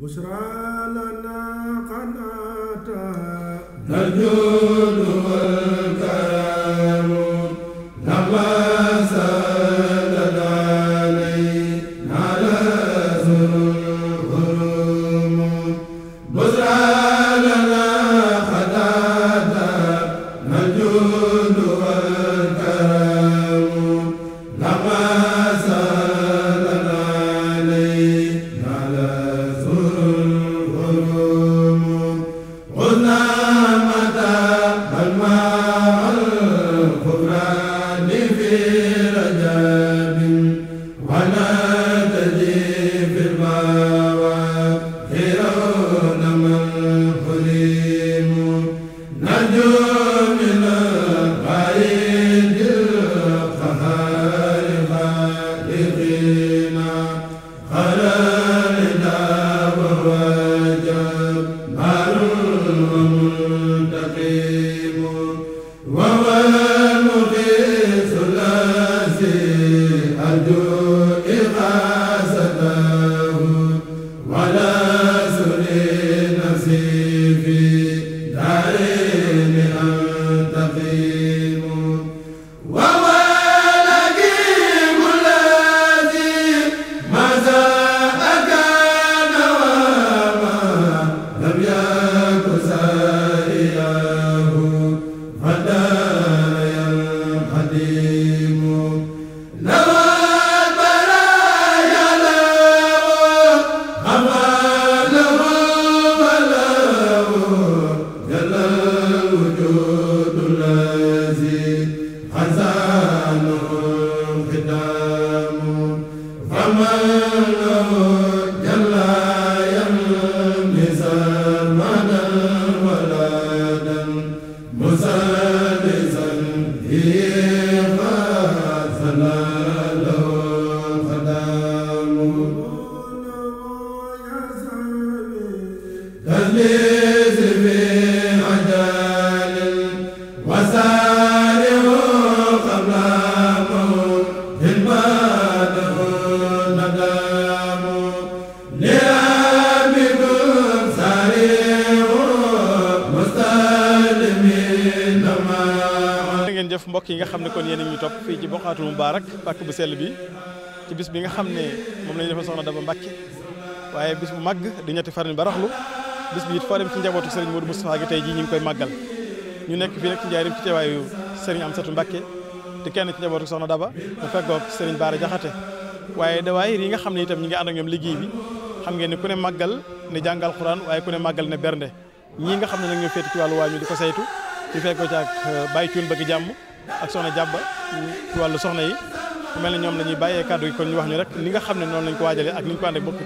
بشرى لنا قناة نجود dëkk bu sell bi ci bis bi nga xam ne moom la ñu defal soxna Daba Mbàkke waaye bis bu màgg di ñetti farni baraxlu bis bi it foo dem ci njabootu sëriñ Modou Moustapha gi tey jii ñu ngi koy màggal ñu nekk fii nag ci njaay ci teewaayu sëriñ Amsatu Mbàkke kenn ci njabootu soxna Daba mu feggoog sëriñ Baara Jaxate waaye dawaay yi nga xam ne itam ñi ngi ànd ak ñoom liggéey bi xam ngeen ne ku ne màggal ne jàngal xuraan waaye ku ne màggal ne bernde ñii nga xam ne nag ñoo féete ci wàllu ñu di ko saytu ñu fekkoo ci ak euh, Baye Cuun bëgg jàmm ak soxna jàmb ci wàllu soxna yi ku mel ne ñoom la ñuy bàyyee kàddu gi kon ñu wax ñu rek li nga xam ne noonu lañ ko waajalee ak ni ko ànd ak bokki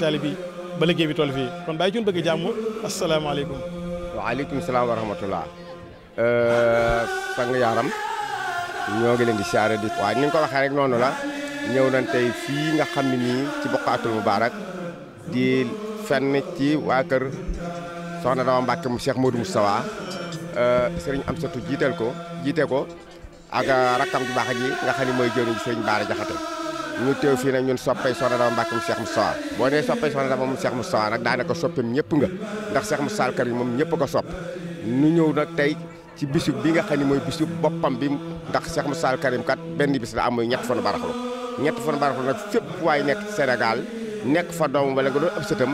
ba liggéey bi toll fii kon bàyyi jun bëgg jàmm asalaamaaleykum waaleykum salaam wa rahmatullah euh, sang yaaram ñoo ngi leen di siyaare di waaw ni nga ko waxee rek noonu la ñëw nañ tey fii nga xam ne ci bokkaatul mubaarak di fenn ci waa kër soxna dama Mbàkke mu Cheikh Modou Moustapha euh, sëriñ am satu jiital ko jiite ko ak euh, rakkam ju baax ji nga xam ne mooy jëriñ sëñ Baara Jaxate ñu teew fii nag ñun soppay soxna Daba Mbàkkum Cheikh Moustapha boo nee soppay soxna Daba moom Cheikh Moustapha nag daanaka soppam ñëpp nga ndax Cheikh Moustapha Karim moom ñëpp ko sopp ñu ñëw na tey ci bisub bi nga xam ne mooy bisub boppam bi ndax Cheikh Moustapha Karim kat benn bis la am mooy ñett fanu baraxlu foo fanu baraxlu nag fépp waay nekk Sénégal nekk fa doomu wala nga doon ëpp sëtam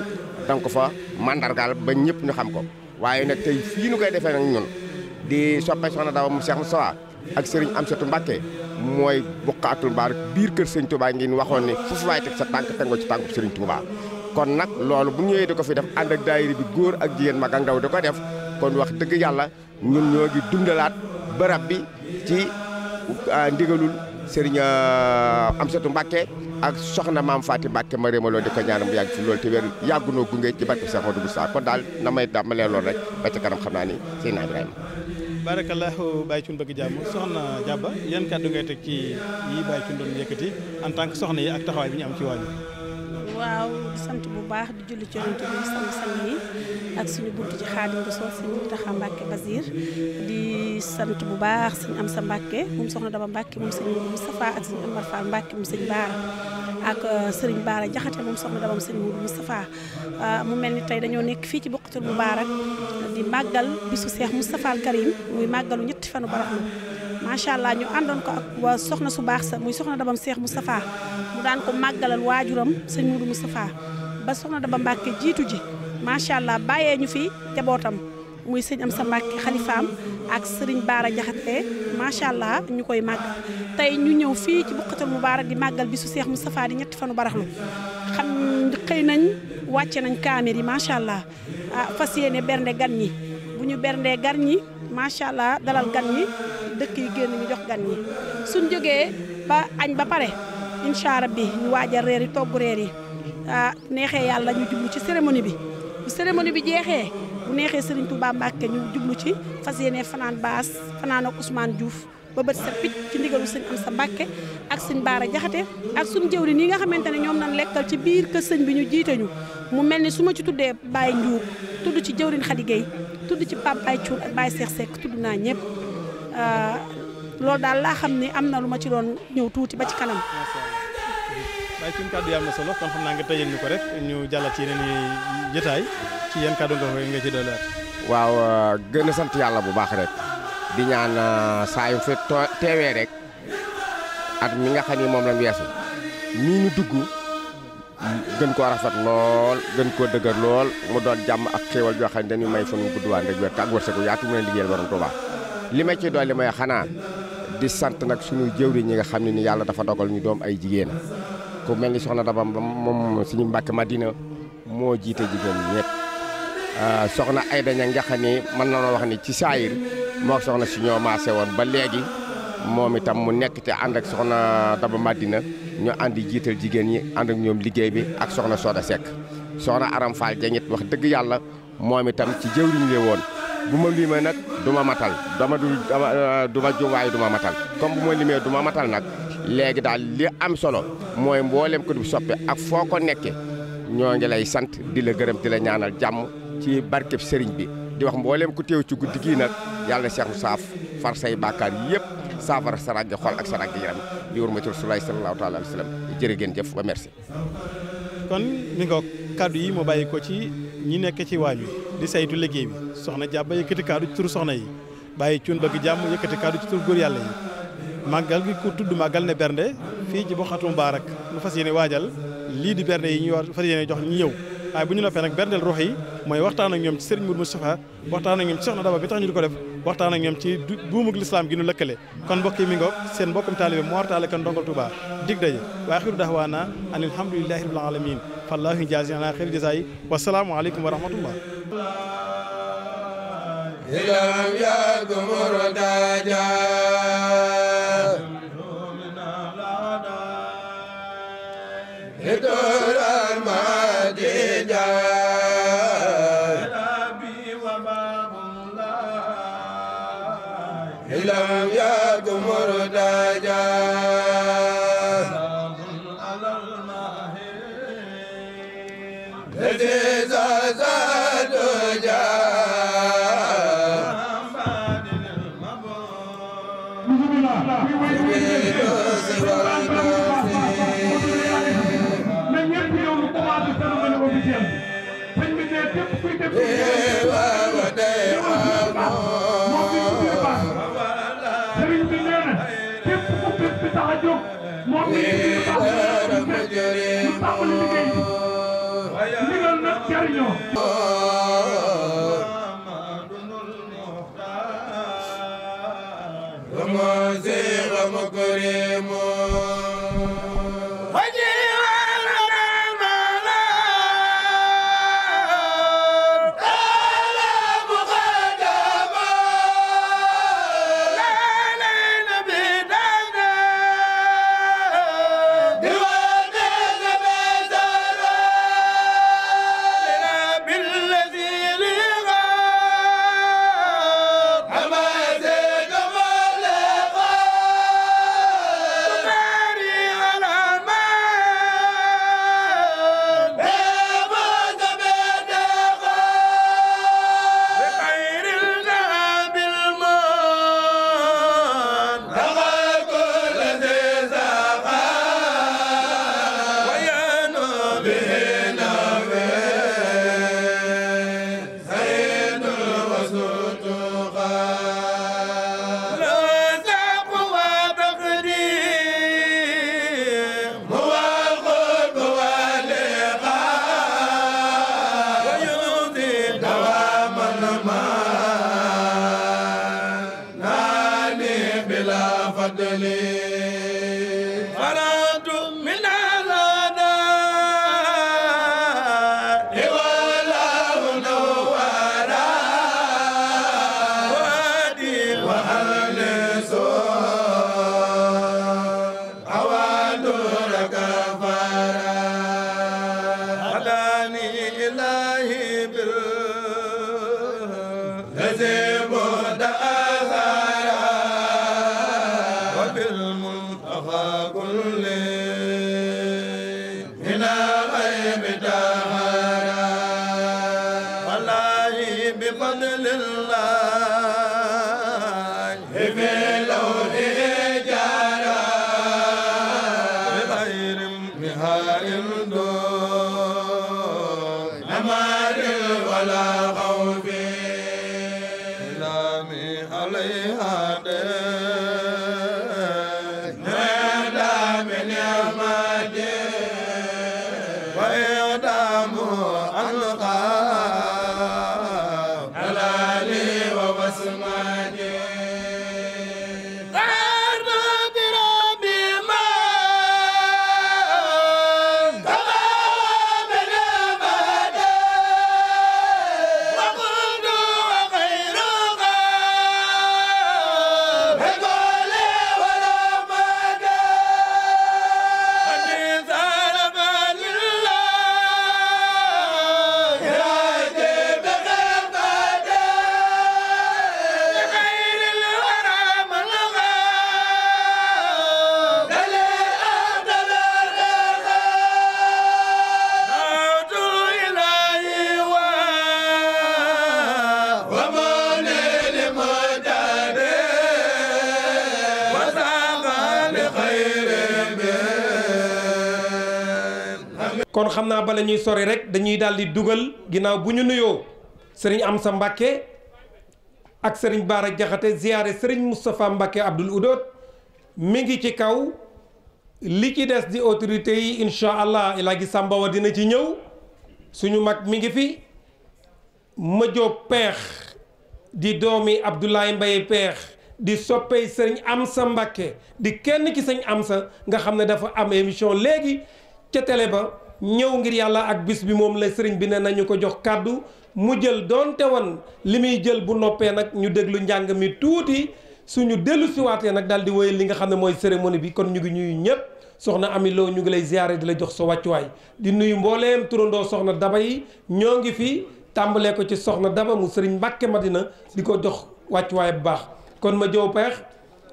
danga ko fa mandargaal ba ñëpp ñu xam ko waaye nag tey fii nu koy defee nag ñun di soppay soxna Daba moom Cheikh Moustapha ak sëriñ Amsatou Mbacké moy buqaatul bar bir keur serigne Touba ngeen waxoon ni foofu waay teg sa tank tango ci tànku serigne Touba kon nak lolu bu ñewé diko fi def and ak daayira bi goor ak jigen mag ak ndaw di def kon wax deug yalla ñun ñoo ngi dundalaat barab bi ci euh, ndigalul sëriñ euh, Amsatou Mbacké ak soxna mam fatima Mbàkke ma réemaloo di ñaanam yag ci lolu te wer yaguno gungé ci barke kon dal na damalé lolu rek ba ci karam xamna ni barakallahu Baye Thioune bëgg jàmm soxna jàbba yan kàddu ngay teg ci yi Baye Thioune doon yëkkati en tant que soxna yi ak taxawaay bi ñu am ci wàññi waaw di sant bu baax di julli ci yonent bi sama sang yi ak suñu bunt ci Xaadim Rasuul suñu Muntaxa Mbàkke Basiir di sant bu baax suñ am sa Mbàkke moom soxna Daba Mbàkke moom sëñ Moustapha ak suñu Amar Fall Mbàkke moom sëñ Baara ak sëriñ Baara Jaxate moom soxna Daba sëñ Moudou Moustapha mu mel ni tey dañoo nekk fii ci Bokkatul Mubaarak di màggal bisu Seex Moustapha al Karim muy màggalu ñetti fanu baraxlu macha allah ñu àndoon ko ak waa soxna su baax sa muy soxna Dabam Seex Moustapha mu daan ko màggalal waajuram sëñ Moudou Mouhamadou Moustapha ba soxna Daba Mbacke jiitu ji macha allah bàyyee ñu fi jabootam muy sëñ am sa Mbacke xalifaam ak sëriñ Baara Jaxate macha allah ñu koy màggal tey ñu ñëw fii ci Buqatul baara di màggal bi su Seex safaa di ñetti fanu baraxlu xam xëy nañ wàcce nañ kaamir yi macha allah ah, fas yéene bernde gan ñi bu ñu berndee gan ñi macha allah dalal gan ñi dëkk yi génn ñu jox gan ñi suñ jógee ba añ ba pare incha allah bi ñu waajal reer yi togg reer yi. ah neexee yàlla ñu jublu ci cérémonie bi bu bi jeexee bu neexee Serigne Touba Mbacke ñu jublu ci fas yéene fanaan baas fanaan ak Ousmane ba bët sa picc ci ndigalu sëñ ak sëñ Baara Jaxate ak suñ jëwri nii nga xamante ni ñoom nañ lekkal ci biir kër bi ñu jiite mu mel ni su ma ci tuddee Baye Ndiour tudd ci jëwrin Khady Gueye tudd ci Pape Baye Thioune ak Baye Cheikh Seck tudd naa ñëpp ah, loolu daal laa xam ne am na lu ma ci doon ñëw tuuti ba ci kanam ay suñu kàddu yi am na solo kon xam naa nga tëjal ñu ko rek ñu jàllat ci yeneen jotaay ci nga nga ci waaw uh, sant bu baax rek di ñaan uh, saa yu fi rek at mi nga xam ni moom lañ weesu ñu dugg gën koo rafet lool gën koo dëgër lool mu doon jàmm ak xéewal joo xam ne dañuy may fan gudd ak yaatu mu liggéeyal borom ci may di sant suñu jëwri ñi nga ni yàlla dafa dogal ñu doom ay jigéen ku mel ni soxna Daba moom suñu mbàkk Madina moo jiite jigéen ñëpp ah, soxna ay ña nga xam ne na noo wax ni ci saayir moo soxna si ñoo maase woon ba léegi moom itam mu nekk ci ànd ak soxna Daba Madina ñu àndi jiital jigéen ñi ànd ak ñoom liggéey bi ak soxna Soda Seck soxna Aram Fall Dieng it wax dëgg yàlla moom itam ci jëwriñ la woon. bu ma limee nag du ma matal dama euh, du ma jum waaye du ma matal comme bu ma limee du ma matal nag léegi daal li am solo mooy mbooleem ko du soppe ak foo ko nekke ñoo ngi lay sant di la gërëm di la ñaanal jàmm ci barkeb sëriñ bi di wax mbooleem ku teew ci guddi gii nag yàlla Cheikh Moussa far say bàkkaar yëpp saafar sa raggi xol ak sa raggi yaram bi war ma ci Rasulullaah sallallaahu taala alayhi wa ba merci kon mi nga kaddu yi mu bàyyi ko ci ñi nekk ci waañ wi di saytu liggéey bi soxna jàpp ba yëkkati kaddu ci tur soxna yi bàyyi cuun bëgg jàmm yëkkati kaddu ci tur góor yàlla yi màggal gi ku tudd màggal ne bernde fii ji baa mbaarak nu fas yéene waajal lii di bernde yi ñu war fas yéene jox ñi ñëw waaye bu ñu noppee nag berndeel rox yi mooy waxtaan ak ñoom ci Serigne Mour Moustapha waxtaan ak ñoom ci soxna Daba bi tax ñu di ko def waxtaan ak ñoom ci buumug l'islam gi nu lëkkale kon mbokk yi mi ngoog seen mbokkum taalibe Mor Talla kan Ndongal Touba dig daje wa axiru dahwana an alhamdulillahi rabbil alamin fallahu ala ana jazai wa wasalaamu alaykum wa rahmatullah إلهم يقم رداجا إدور المدينة لم يكن مرتجا سلام على الماهرين kuremo bala ñuy sori rek dañuy daal di dugal ginnaaw bu ñu nuyoo sëriñ am sa Mbacke ak sëriñ Baara Jaxate ziyaare sëriñ Moustapha Mbacke Abdoul Oudoot mi ngi ci kaw li ci des di autorités yi incha allah El Hadj wa dina ci ñëw suñu mag mi ngi fi ma peex di doomi Abdoulaye Mbaye peex. di soppee sëriñ am sa Mbacke di kenn ci sëñ sa nga xam ne dafa am émission léegi ca tele ba ñew ngir yalla ak bis bi mom la serigne bi ne nañu ko jox kàddu mu jël doonte woon limi muy jël bu noppé nak ñu déglu njang mi touti suñu dellu ci waté nak di woy li nga xamné moy cérémonie bi kon ñu ngi ñuy ñëpp soxna Ami Lo ñu ngi lay ziaré di la jox waccu way di nuyu mbolém turundo soxna daba yi ñongi fi tambalé ko ci soxna daba mu serigne mbacké Madina di ko waccu way bu baax kon ma jow pex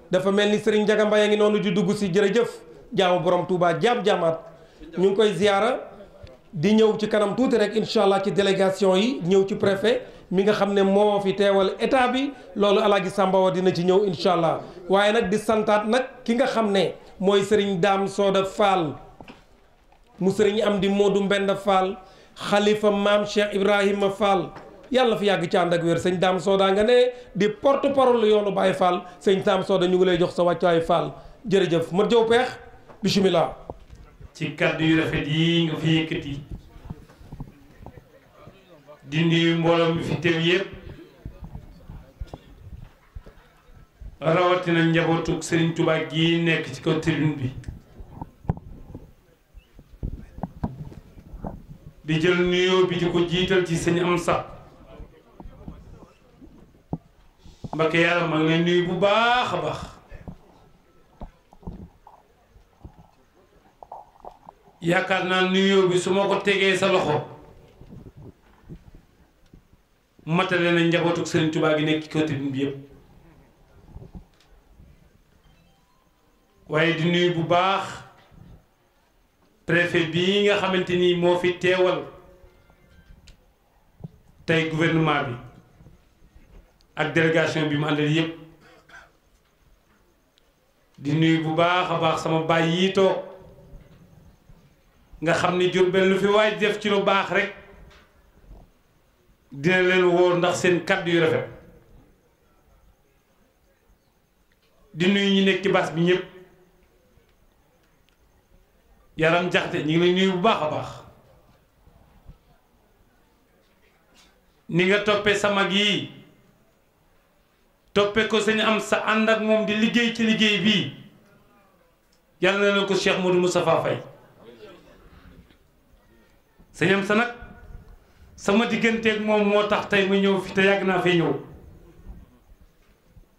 dafa melni serigne sëriñ Njaga ngi noonu di dugg si jërëjëf jaamu borom Touba jaam jamat. ñu ngi koy ziyaara di ñëw ci kanam tuuti rek incha allah ci délégation yi ñëw ci préfet mi nga xam ne moo fi teewal état bi loolu alaaji sàmbawa dina ci ñëw incha allah waaye nag di santaat nag ki nga xam ne mooy sëriñ daam sooda faal mu sëriñ am di moodu mbenn faal xalifa maam cheikh ibrahima fall yàlla fi yàgg ci ànd ak sëñ daam sooda nga ne di porte parole yoonu Baye Fall sëñ daam sooda ñu ngi lay jox sa wàccuwaay Fall jërëjëf mat jow peex ci kaddu yu rafet yi nga fi yëkkati di nuyu mbooloo mi fi teew yëpp rawatina njabootu Serigne Touba gi nekk ci kaw tribune bi di jël nuyoo bi di ko jiital ci sëñ am sax Mbakke yàlla ma ngi nuyu bu baax a baax. yaakaar naa nuyoo bi su ma ko tegee sa loxo matale na njabootuk Sëriñ Tuubaa gi nekk ci commune bi yëpp waaye di nuyu bu baax préfet bii nga xamante ni moo fi teewal tey gouvernement bi ak délégation bi mu àndal yëpp di nuyu bu baax a baax sama baay yi nga xam ni Jurbel lu fi waay def ci lu baax rek dina leen wóor ndax seen kàddu yu rafet di nuyu ñu nekk ci bas bi ñëpp yaram jaxte ñu ngi lay nuyu bu baax a baax ni nga toppee sa mag yii toppee ko sañu am sa ànd ak moom di liggéey ci liggéey bii yàlla na leen ko Cheikh Modou Moustapha Faye sëñam sa nag sama digganteeg moom moo tax tey ma ñëw fi te yàgg naa fee ñëw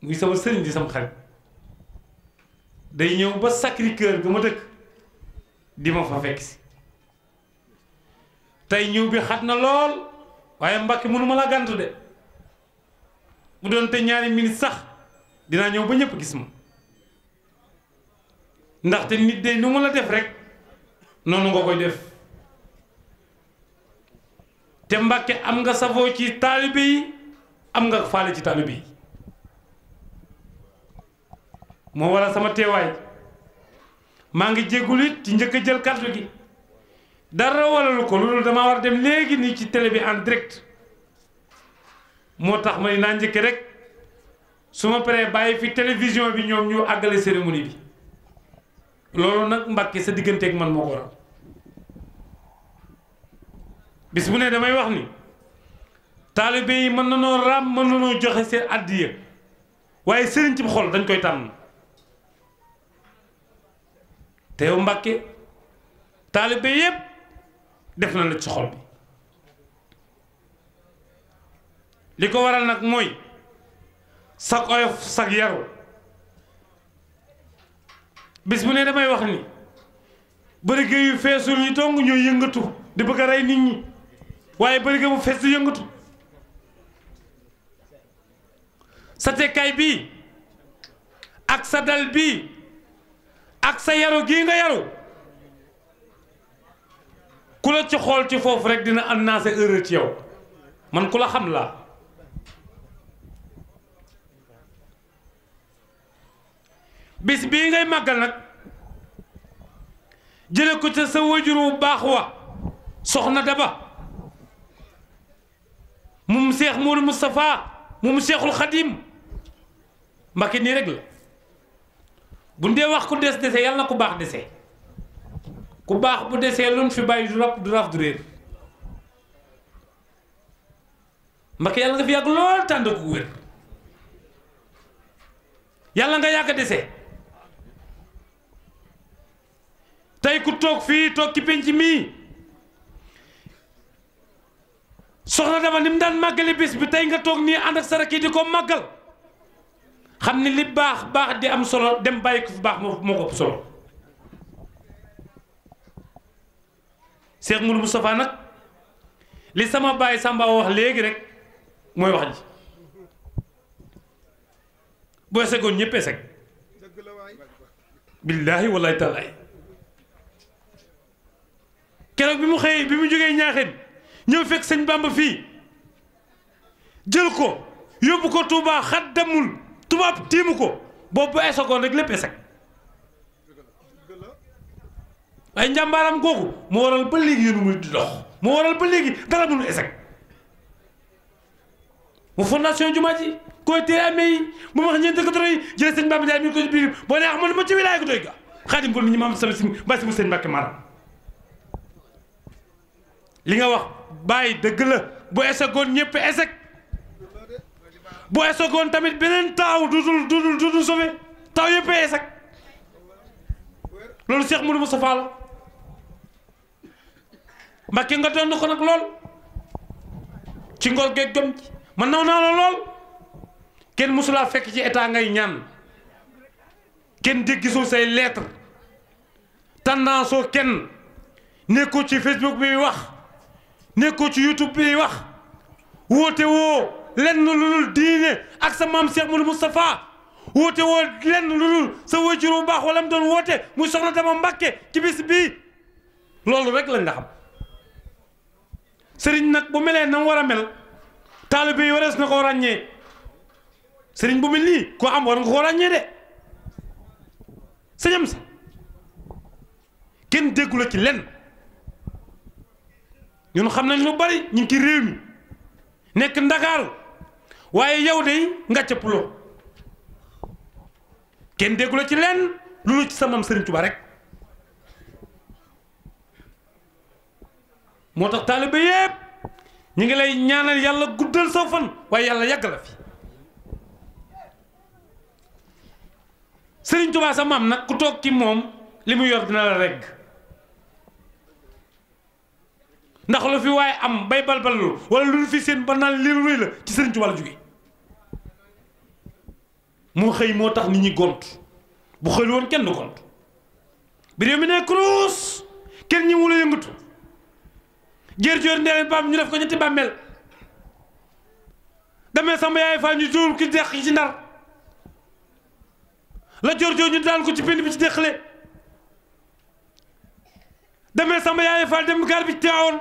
muy sama sëriñ di sama xarit day ñëw ba Sacré-Cœur ga ma dëkk di ma fa fekk si tey ñëw bi xat na lool waaye Mbàkke mënu ma laa gàntu de mu doon te ñaari minit sax dinaa ñëw ba ñëpp gis ma ndaxte nit day nu mu la def rek noonu nga koy def te Mbàkke am nga safoo ci taalibe yi am nga faale ci taalibe yi moo waral sama teewaay maa ngi it ci njëkk a jël kàddu gi dara walalu ko loolu damaa war a dem léegi nii ci télé bi en direct moo tax ma ni naa njëkk rek su ma paree bàyyi fi télévision bi ñoom ñu àggale cérémonie bi loolu nag Mbàkke sa digganteeg man moo ko waral bis bu ne damay wax ni taalibe yi mën na noo raam mën na noo joxe seen addiya waaye sëriñ ci xol dañ koy tànn te yow Mbàkke taalibe yépp def na la ci xol bi li ko waral nag mooy sag oyof sag yaru bis bu ne damay wax ni bërigé yu feesul yi dong ñooy yëngatu di bëgg a rey nit ñi waaye bërigo bu fees du yëngatu sa tekkaay bii ak sa dal bii ak sa yaru gii nga yaru ku la ci xool ci foofu rek dina annoncé heure ci yow man ku la xam laa bis bii ngay màggal nag jële ko ca sa wajur wu baax wa soxna Daba moom Cheikh Mourou Moustapha moom Cheikhul Khadim Mbacké nii rek la bu dee wax ku des dese yàlla na ku baax dese ku baax bu desee lu fi bàyyi du rab du raf du réer Mbacké yàlla nga fi yàgg lool tànd ku wér yàlla nga yàgg dese tey ku toog fii toog ci penc soxna dama ni mu daan màggali bis bi tey nga toog nii ànd ak saraki di ko màggal xam ni li baax baax di am solo dem bàyyi ko fu baax moo ko solo Cheikh Moulou Moustapha nag li sama baay Samba wax léegi rek mooy wax ji boo segoon ñëppee seg billaahi wallaahi taalaay keroog bi mu xëyee bi mu jógee ñaaxeen ñëw fekk sëñ Bamba fii jël ko yóbbu ko Touba xaddamul tubaab tiimu ko boobu ba esegoon rek lépp eseg waaye njàmbaaram googu moo waral ba léegi yéen muy di dox moo waral ba léegi dara mënu eseg mu fondation jumaa ji koy téye amee yi mu wax ñeent dëkk ma ci wilaay doy ga xaadim ko nit si mbaa si mu sëñ Mbàkke li nga wax bàyyi dëgg la bu esegoon ñëpp eseg bu esegoon tamit beneen taaw dudul dudul dudul sauvé taaw yëpp eseg loolu Cheikh Moudou Moustapha la Mbàkke nga doon ko nag lool ci ngor geeg gëm ci naw naa la lool kenn mësulaa fekk ci état ngay ñaan kenn déggisul say lettre tendance oo kenn nekkoo ci Facebook bi wax nekkoo ci youtube bi wax woote woo lenn lu dul diine ak sa maam Cheikh Moudou Moustapha woote woo lenn lu dul sa wajur bu baax wala mu doon woote muy soxna dama mbàkke ci bis bii loolu rek lañ la xam sëriñ nag bu melee na mu war a mel taalibe yi warees na koo ràññee sëriñ bu mel nii ko am war nga koo ràññee de sëñam sa kenn déggu la ci lenn ñun xam nañ lu bari ñu ngi ci réew mi nekk ndakaaru waaye yow de nga cëppuloo kenn déggu ci lenn lu lu ci sa maam Serigne Touba rek moo tax taalibe yépp ñu ngi lay ñaanal yàlla guddal sa fan waaye yàlla yàgg la fi Serigne Touba sa maam nag ku toog ci moom li mu yor dina la regg ndax lu fi waaye am bay balballu wala lu fi seen ba li lii ruy la ci seen Tuubaa la jóge mu xëy moo tax nit ñi gont bu xëy woon kenn du gont bi mi ne kurus kenn ñi wula ñu def ko ñetti bàmmeel demee sama yaay faa ñu jóor ki dex ci ndar la joor joor ñu daan ko ci pind bi ci déqale demee sama yaay faa dem gaar bi ci teewoon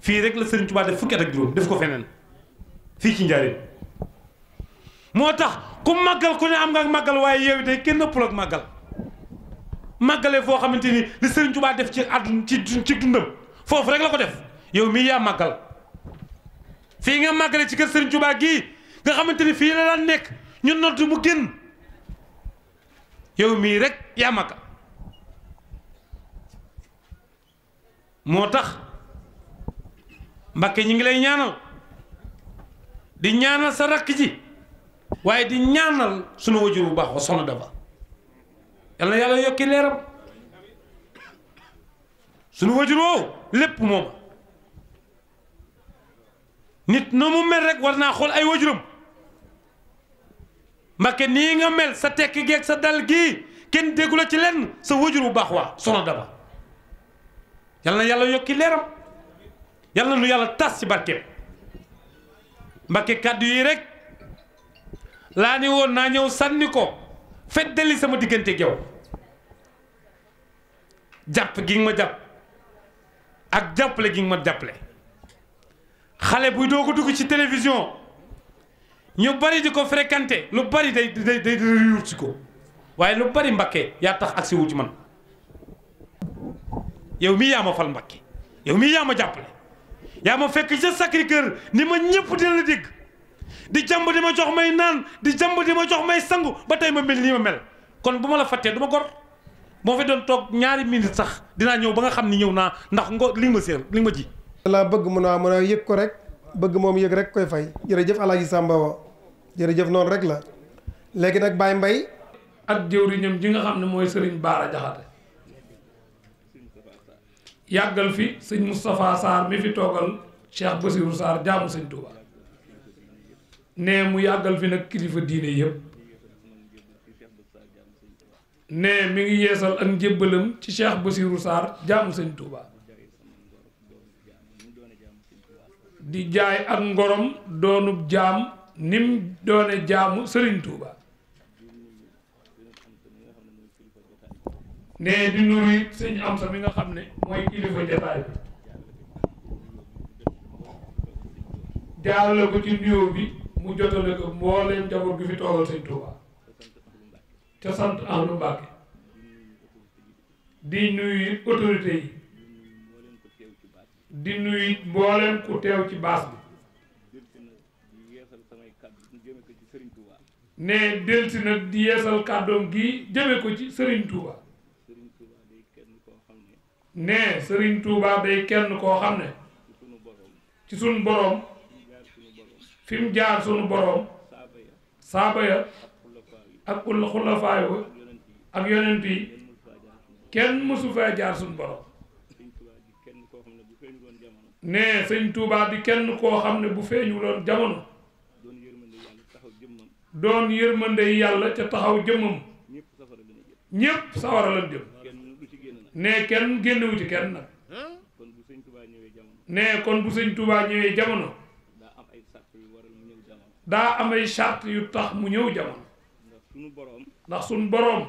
fii rek la Serigne Touba def fukki at ak juróom def ko feneen fii ci njaareem moo tax ku màggal ku ne am nga màggal waaye yow tey kenn ëppul ak màggal màggale foo xamante ni li Serigne Touba def ci àdduna ci ci dundam foofu rek la ko def yow mii yaa màggal fii nga màggale ci kër Serigne Touba gii nga xamante ni fii la daan nekk ñu noddu mu génn yow mii rek yaa màggal moo tax. Mbàkke ñi ngi lay ñaanal di ñaanal sa rakk ji waaye di ñaanal sunu wajur wu baax wa soxna Daba yal na yàlla yokki leeram sunu wajur woowu lépp moom nit na mu mel rek war naa xool ay wajuram Mbàkke nii nga mel sa tekki sa dal kenn déggu la ci lenn sa wajur bu baax waa soxna Daba yal na yàlla yokki leeram yàlla nu yàlla tas ci barkeem Mbàkke kàddu yi rek laa ne woon naa ñëw sànni ko fet feddali sama diggante ak yow jàpp gi nga ma jàpp ak jàppale gi nga ma jàppale xale buy doo ko dugg ci télévision ñu bari di ko fréquenté lu bari day day day riwut si ko waaye lu bari Mbàkke yaa tax agsi wu ci man yow mii yaa ma fal Mbàkke yow mii yaa ma jàppale yaa ma fekk ca Sacré-Cœur ni ma ñëpp dina la dégg di jàmb di ma jox may naan di jàmb di ma jox may sangu ba tey ma mel nii ma mel kon bu ma la fàttee du ma gor moo fi doon toog ñaari minute sax dinaa ñëw ba nga xam ni ñëw naa ndax ngo li ma séer li ma ji laa bëgg mun a mun a yëg ko rek bëgg moom yëg rek koy fay jërëjëf alaaji Samba wa jërëjëf noonu rek la léegi nag baay mbay ak jëwriñam ji nga xam ne mooy Serigne Baara Jaxate yàggal fi sëñ Moustapha Sarr mi fi toogal Cheikh Bassirou Sarr jaamu sëñ Touba ne mu yàggal fi nag kilifa diine yëpp ne mi ngi yeesal ak njébbalam ci Cheikh Bassirou Sarr jaamu sëñ Touba di jaay ak ngorom doonub jaam nim doone jaamu sëriñ Touba ne di nuyu it sëñ am sa mi nga xam ne mooy kilifa jotaay bi jaarale ko ci nuyoo bi mu jotale ko mbooleem njaboot gi fi toogal sëñ Tuubaa te sant Ahlu Mbàkke di nuyu autorité yi di nuyu mbooleem ku teew ci baas bi ne delsi nag di yeesal kàddoom gi jëme ko ci Sëriñ Tuuba ne Serigne Touba day kenn koo xam ne ci sunu boroom fi mu jaar sunu boroom saaba ya ak xulafaayu ak yonent yi kenn mësu faa jaar sunu boroom ne Sëñ Touba di kenn koo xam ne bu feeñuloon jamono doon yërmande yàlla ca taxaw jëmmam ñépp sawara lan jëm ne kenn génnewuti ci kenn nag ne kon bu sëñ Touba ñëwee jamono daa am ay charte yu tax mu ñëw jamono ndax suñu boroom ndax suñu boroom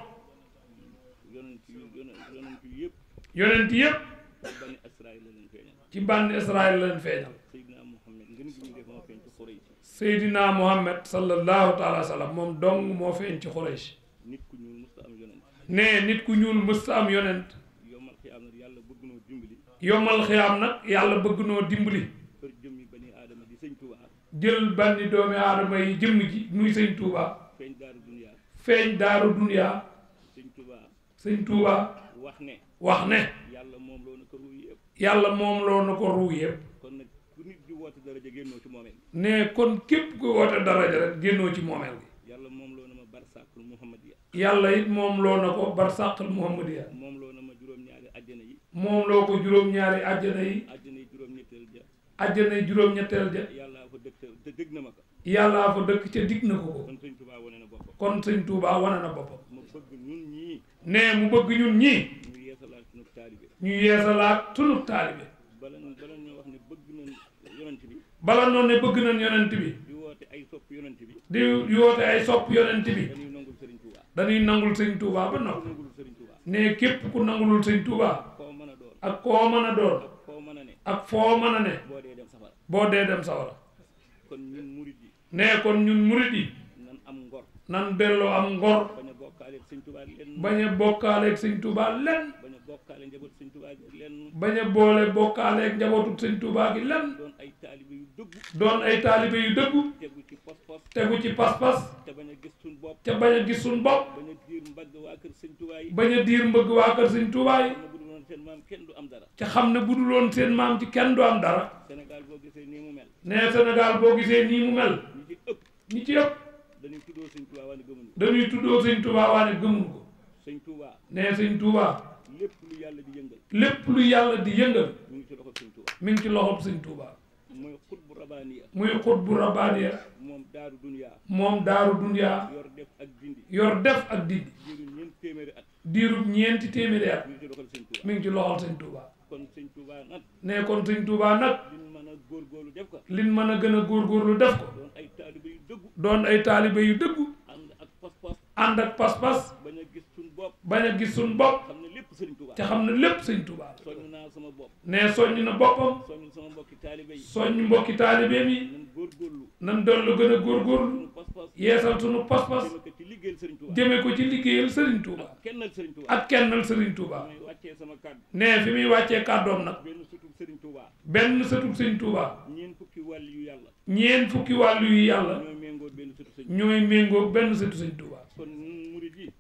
yonent yépp ci bànni Israël la leen feeñal Seydina Muhammad sallallahu taala wa sallam moom dong moo feeñ ci Xuraysh ne nit ku ñuul mës am yonent yombal xiyaam nag yàlla bëgg noo dimbali jël banni doomi aadama yi jëmm ji muy sëñ Touba feeñ daaru duniyaa sëñ Touba wax ne wax ne yàlla moom loo na ko ruu yëpp ne kon képp ku woote daraja rek génnoo ci moomeel gi yàlla moom loo na ma barsàqul muhammad yàlla it moom loo na ko bar sàqal muhammadiya moom loo na ma juróom-ñaari àjjana yi moom loo ko juróom-ñaari àjjana yi àjjana yi juróom-ñetteel ja àjjana yi juróom-ñetteel ja yàllaa fa dëkk te dëgg na ma ko yàllaa fa dëkk ca dig na ko ko kon sëñ Touba wane na boppam kon sëñ Touba wane na boppam mu bëgg ñun ñii nee mu bëgg ñun ñii ñu yeesalaat sunu taalibe ñu yeesalaat sunu taalibe bala bala ñoo wax ne bëgg nañ yonent bi bala noonu ne bëgg nañ yonent bi di woote ay sopp yonent bi di woote ay sopp yonent bi dañuy nangul sëñ Touba ba noppi ne képp ku nangulul sëñ Touba ak koo mën a doon ak foo mën a ne boo dee dem sawara ne kon ñun murit yi nan delloo am ngor bañ a bokkaaleeg sëñ Touba lenn bañ a boole bokkaaleeg njabootu sëñ Touba gi lenn doon ay taalibe yu dëggu tegu ci pas-pas. te bañ a gis suñu bopp bañ a diir mbagg waa kër sëñ Tuubaa yi bañ a diir mbagg waa kër sëñ Tuubaa yi te xam ne bu dul woon seen maam ci kenn du am dara Sénégal boo gisee nii mu mel nee Sénégal boo gisee nii mu mel ñi ci ëpp dañuy tuddoo sëñ Tuubaa waane gëmuñu dañuy tuddoo sëñ Tuubaa waane gëmuñu ko sëñ Tuubaa nee sëñ Tuubaa lépp lu yàlla di yëngal lépp lu yàlla di yëngal mi ngi ci loxob sëñ mi ngi ci loxob sëñ Tuubaa muy xutbu rabaaniya muy xutbu rabaaniya moom daaru duniyaa moom daaru duniyaa yor def ak dindi yor def ak dindi diirub ñeenti téeméeri at diirub ñeenti téeméeri mi ngi ci loxol sëñ Touba kon sëñ Touba nag ne kon sëñ Touba nag lin mën a góorgóorlu def ko lin mën a gën a góorgóorlu def ko doon ay taalibe yu dëggu doon ay taalibe yu dëggu ànd ak pas ànd ak pas-pas bañ a gis suñ bopp bañ a gis suñ bopp xam na lépp sëñ Tuubaa te xam ne lépp sëñ Tuubaa soññ naa sama bopp ne soññ na boppam soññ sama mbokki taalibe yi soññ mbokki taalibeem yi nan góorgóorlu nan dollu gën a góor góorgóorlu yeesal suñu pas-pas jëme ko ci liggéeyal sëriñ Tuubaa ak kennal sëriñ Tuubaa ne fi muy wàccee kàddoom nag benn sëtub sëriñ Tuubaa ñeent fukki wàlli yu yàlla ñeent fukki wàllu yu yàlla ñooy méngoo benn sëtu sëñ Tuubaa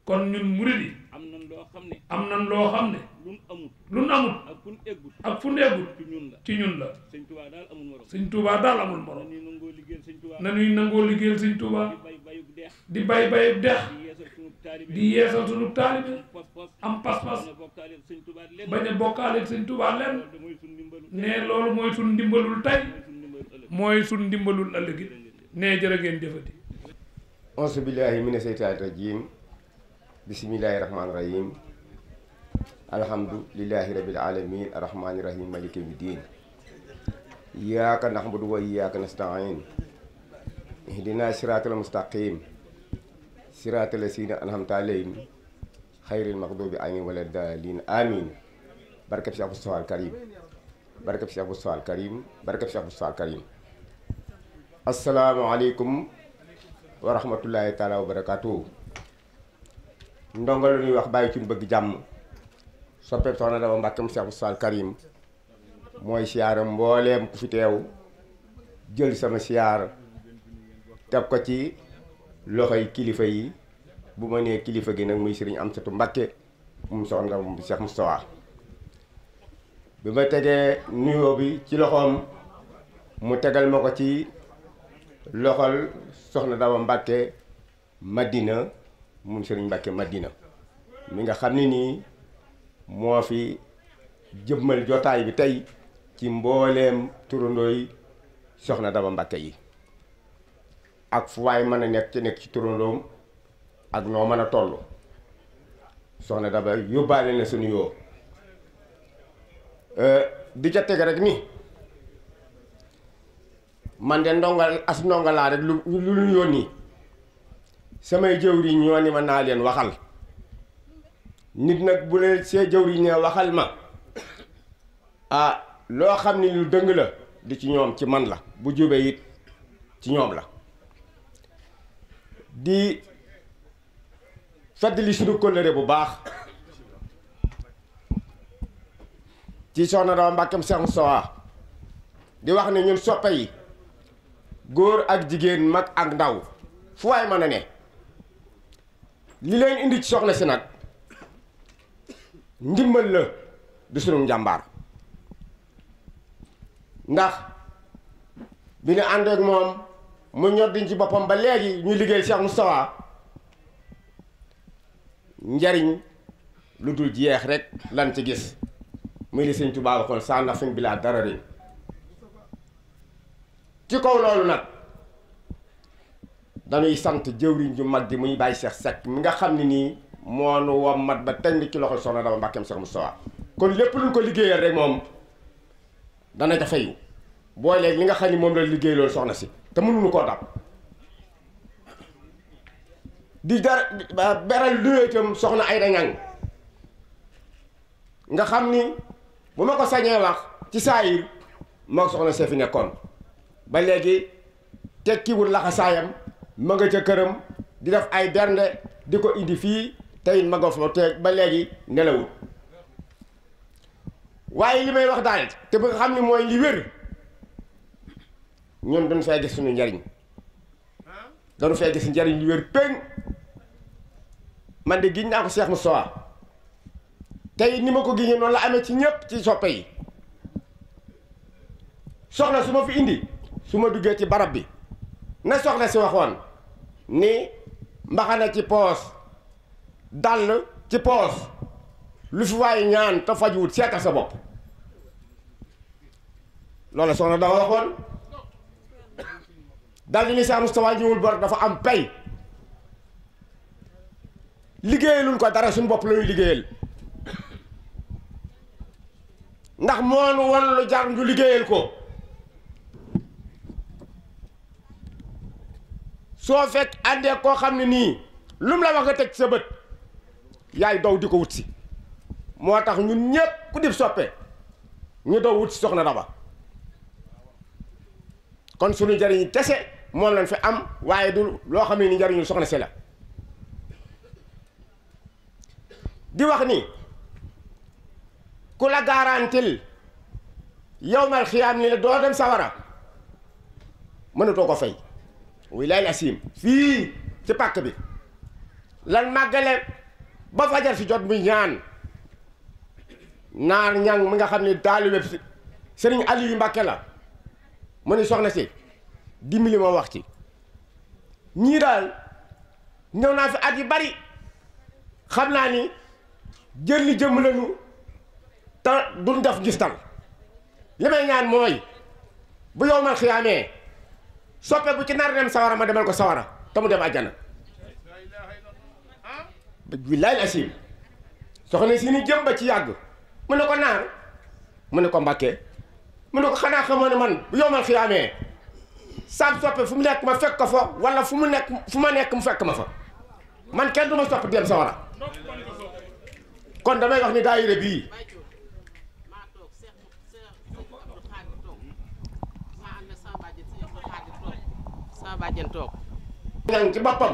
kon ñun murid yi am na loo xam ne am nan loo xam ne lu nu amut lu nu ak fu nu eggut ak fu nu eggut ci ñun la sëñ Tuubaa daal amul morom sëñ Tuubaa daal amul morom nañuy nangoo liggéeyal sëñ Tuubaa di bay bayub dex di yeesal sunu taalibe am pas-pas bañ a bokkaale ak sëñ Tuubaa lenn ne loolu mooy sunu ndimbalul tey mooy suñ ndimbalul ëllëg it nee jërë ngeen jëfati auzu billaahi mina seytaani rajiim bismillaahi rahmaani rahiim alhamdulillahi rabbil alamin arrahmaani rahim maliki yawmi diin iyyaka na'budu wa iyyaka nasta'in ihdina siratal mustaqim siratal lazina an'amta alayhim xayril maghdubi alayhim wala daalin amin barkat si Abou Sawal Karim barkab Cheikh Boussa Al Karim barkab Cheikh Boussa Al Karim asalaamaaleykum wa rahmatullahi taala wa barakaatu ndongo la ñuy wax bàyyi ci bëgg jàmm soppeeb soxna Daba Mbàkke mu Cheikh Boussa Karim mooy siyaaram mbooleem ku fi teew jël sama siyaar teg ko ci loxoy kilifa yi bu ma nee kilifa gi nag muy sëriñ Amsatu Mbàkke mu soxna Cheikh Moustapha bi ma tegee nuyoo bi ci loxoom mu tegal ma ko ci loxol soxna Daba Mbàkke Madina moom Sëriñ Mbàkke Madina mi nga xam ni nii moo fi jëmmal jotaay bi tey ci mbooleem turandooy soxna Daba Mbàkke yi ak fu waay mën a nekk ci nekk ci turandoom ak noo mën a toll soxna Daba yóbbaale na sa nuyoo di ca teg rek ni man de ndonga as ndonga laa rek lu lu ñu yónni samay jëwriñ ñoo ni ma naa leen waxal nit nag bu leen see jëwriñ ne waxal ma ah loo xam ni lu dëng la di ci ñoom ci man la bu jubee it ci ñoom la di fàttali suñu kóllëre bu baax ci soxna Daba Mbàkkeem Seex Musaa di wax ne ñun soppe yi góor ak jigéen mag ak ndaw fu waay mën a ne li leen indi ci soxna si nag ndimbal la du sunu njàmbaar ndax bi ñu ànd ak moom mu ñor ci boppam ba léegi ñu liggéey Seex Musaa njariñ lu dul jeex rek lan ci gis muy li sëñ Tuubaa waxoon saa nafsin bilaa dararin ci kaw loolu nag dañuy sant jëwriñ ju mat ji muy bàyyi Cheikh Seck mi nga xam ni nii moo nu mat ba teg ci loxol soxna dama mbàkkeem Cheikh Moustapha kon lépp luñ ko liggéeyal rek moom dana ca fayu booy léegi li nga xam ni moom la liggéey loolu soxna si te mënuñu koo dab di dara beral lu itam soxna ay dangang nga xam ni buma ko sañee wax ci sayir mo soxna sefi fi nekkoon ba tekki wul la xayam ma nga ci kërëm di def ay dernde di ko indi fi tay ma nga te ba léegi nelawul waye limay wax dal te bu xamni moy li wër ñun dañ fay gis suñu ñariñ dañ fay gis ñariñ li wër péng man de giñ na ko Cheikh Moustapha Tay ni mako ko non la amé ci ñëpp ci soppe yi soxna suma fi indi suma duggé ci barab bi na soxna si waxoon ni mbaxana ci pos dal ci pos lu fi way ñaan faju wut seetal sa bop lolé soxna da waxoon dal ni sa saa ji wul bor dafa am pay liggéeyalul ko dara suñu bop lay liggéeyal ndax moonu wan lu jar ñu liggéeyal ko soo fekk àndee koo xam ne nii lu mu la wax nga teg sa bët yaay daw di ko wut si moo tax ñu ñépp ku dib soppe ñu daw wut si soxna Daba kon suñu njëriñ kese moom lañ fi am waaye du loo xam ne ni njëriñul soxna si la di wax ni ku la garantil yowmal xiyaam ni la doo dem sawara mënatoo ko fay wilaay asim fii ci pàkk bi lan màggale ba fajar si jot mu ñaan naar ñang mi nga xam ne taalibe sëriñ Aliyu Mbàkke la mu ni soxna si dimbali ma wax ci ñii daal ñëw naa fi at yi bari xam naa ni jël li jëmm lañu te duñ def gistal li may ñaan mooy bu yow mal xiyaamee soppe bu ci naar dem sawara ma demal ko sawara te mu dem àjjana billaay asim soxna si ni jëm ba ci yàgg mu ne ko naar mu ne ko mbàkkee mu ne ko xanaa xamoo ne man bu yow mal xiyaamee saab soppe fu mu nekk ma fekk ko fa wala fu mu nekk fu ma nekk mu fekk ma fa man kenn du ma sopp dem sawara kon damay wax ni daayira bii bàjjen toog ñang ci boppam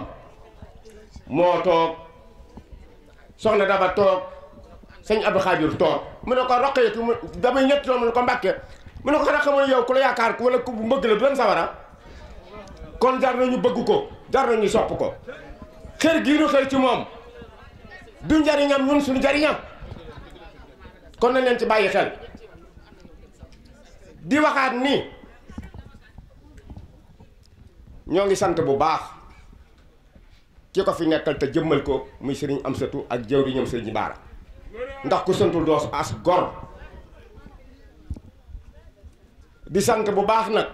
moo toog soxna daba toog sëñ Abdou Khadir toog mu ne ko roqeetu mu damay ñett doon mu ne ko mbàkke mu ne ko xanaa xamoon yow ku la yaakaar wala ku bu la du dem sawara kon jar ñu bëgg ko jar nañu sopp ko xër gii nu ci moom du njariñam ñun suñu njariñam kon nañ leen ci bàyyi xel di waxaat ni ñoo ngi sant bu baax ci ko fi nekkal te jëmmal ko muy serigne Amsatu ak ñom serigne Baara ndax ku santul doos as gor di sant bu baax nak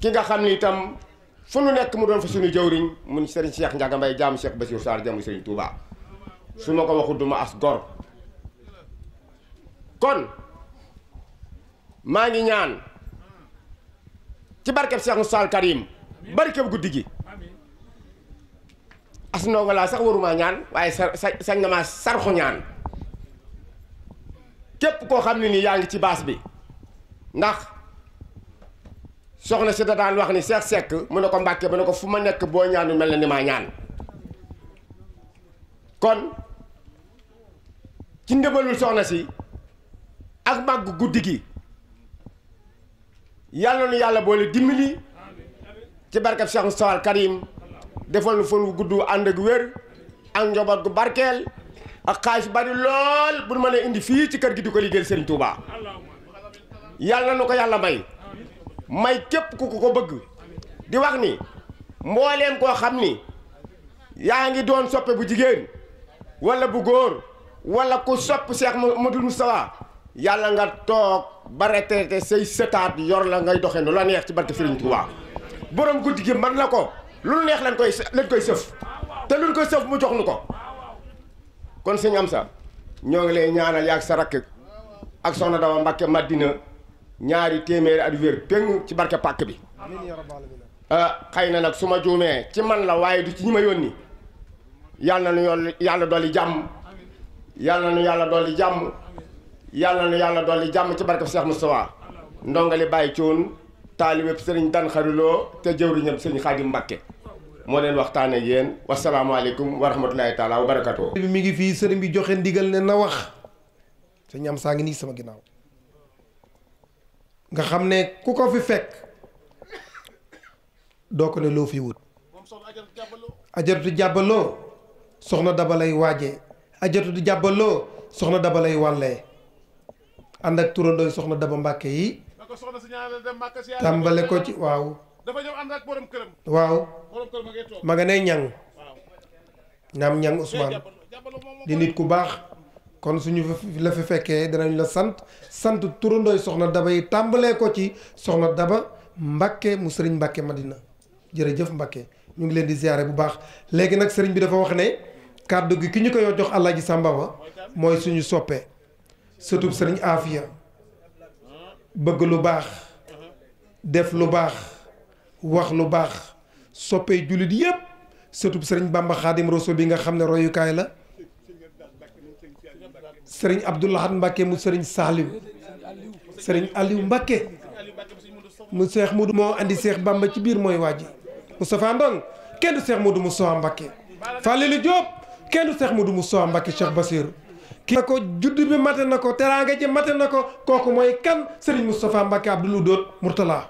ki nga xamni tam fu ñu nekk mu doon fa suñu jawriñ mu serigne Cheikh Ndiaga Mbaye Cheikh basir sar jaamu serigne Touba su ma ko duma as gor kon maa ngi ñaan ci barkeb Cheikh Moussa Karim barkeb guddi gi as ndongo laa sax waruma ñaan waaye sa sa sañ na maa sarxu ñaan képp koo xam ne nii yaa ngi ci baas bi ndax soxna si da daan wax ni Cheikh Seck mu ne ko Mbàkke mu ne ko fu ma nekk boo ñaanu mel na ni maa ñaan kon ci ndëbalul soxna si ak màgg guddi gi yàlla nu yàlla boole dimmili ci barkeb Cheikh Moustapha Karim defal nu fan wu gudd ànd ak wér ak njaboot gu barkeel ak xaalis bari lool bu nu mën indi fii ci kër gi di ko liggéeyal Serigne Touba yàlla nu ko yàlla may may képp ku ko bëgg di wax ni mbooleem koo xam ni yaa ngi doon soppe bu jigéen wala bu góor walla ku sopp Cheikh Modou Moustapha yàlla nga toog ba retraité say sëtaat yor la ngay doxee nu la neex ci barke Sëriñ Tuubaa borom guddi gi man na ko lu neex lañ koy lañ koy sëf te luñ ko sëf mu jox nu ko kon sëñ sa ñoo ngi lay ñaanal yaag sa rakk ak soxna Daba Mbàkke Madina ñaari téeméeri at wér ci barke pàkk bi ah, xëy na nag su ma juumee ci man la waaye du ci ñi ma yónni yàlla na nu yàlla dolli jàmm yàlla na nu yàlla dolli jàmm yàlla na yàlla dolli jàmm ci barkeb Cheikh Moustapha ndongali Baye Thioune taalibeb sëriñ Dan Xariloo te jëwriñam sëriñ Xaadim Mbàkke moo leen waxtaan ak yéen wasalaamaaleykum wa rahmatulahi taala wa barakatu bi mi ngi fii sëriñ bi joxe ndigal ne na wax te ñam saa ngi nii sama ginnaaw nga xam ne ku ko fi fekk doo ko ne loo fi wut ajaratu jàbbaloo soxna daba lay waajee ajaratu jàbbaloo soxna daba lay wàllee ànd ak turandooy soxna Daba Mbàkke yi tambale ko ci waaw waaw ma nga ne ñang ñam ñang Ousmane di nit ku baax kon suñu la fi fekkee danañ la sant sante turandooy soxna Daba yi tambale ko ci soxna Daba Mbàkke mu sëriñ Mbàkke Madina jëf Mbàkke ñu ngi leen di ziaré bu baax légui nak serigne bi dafa wax ne kaddu gi ki ñu yo jox Alaaji Sàmba ba moy kan? suñu soppé sëtub sëriñ Afia bëgg lu baax def lu baax wax lu baax soppee jullit yépp sëtub sëriñ Bamba Xaadim Rasuul bi nga xam ne royukaay la sëriñ Abdou Lahad Mbacke mu sëriñ Saliou sëriñ Aliou Mbacke mu seex Mudu moo andi seex Bamba ci biir mooy waaji Moustapha Ndong kenn du seex Mudu Moustapha Mbacke Falilou Diop kenn du seex Mudu Moustapha Mbacke Cheikh Basirou ki ko judd bi mate na ko teraanga ji mate na ko kooku mooy kan Serigne Moustapha Mbacke Abdoulou Doot Mourtala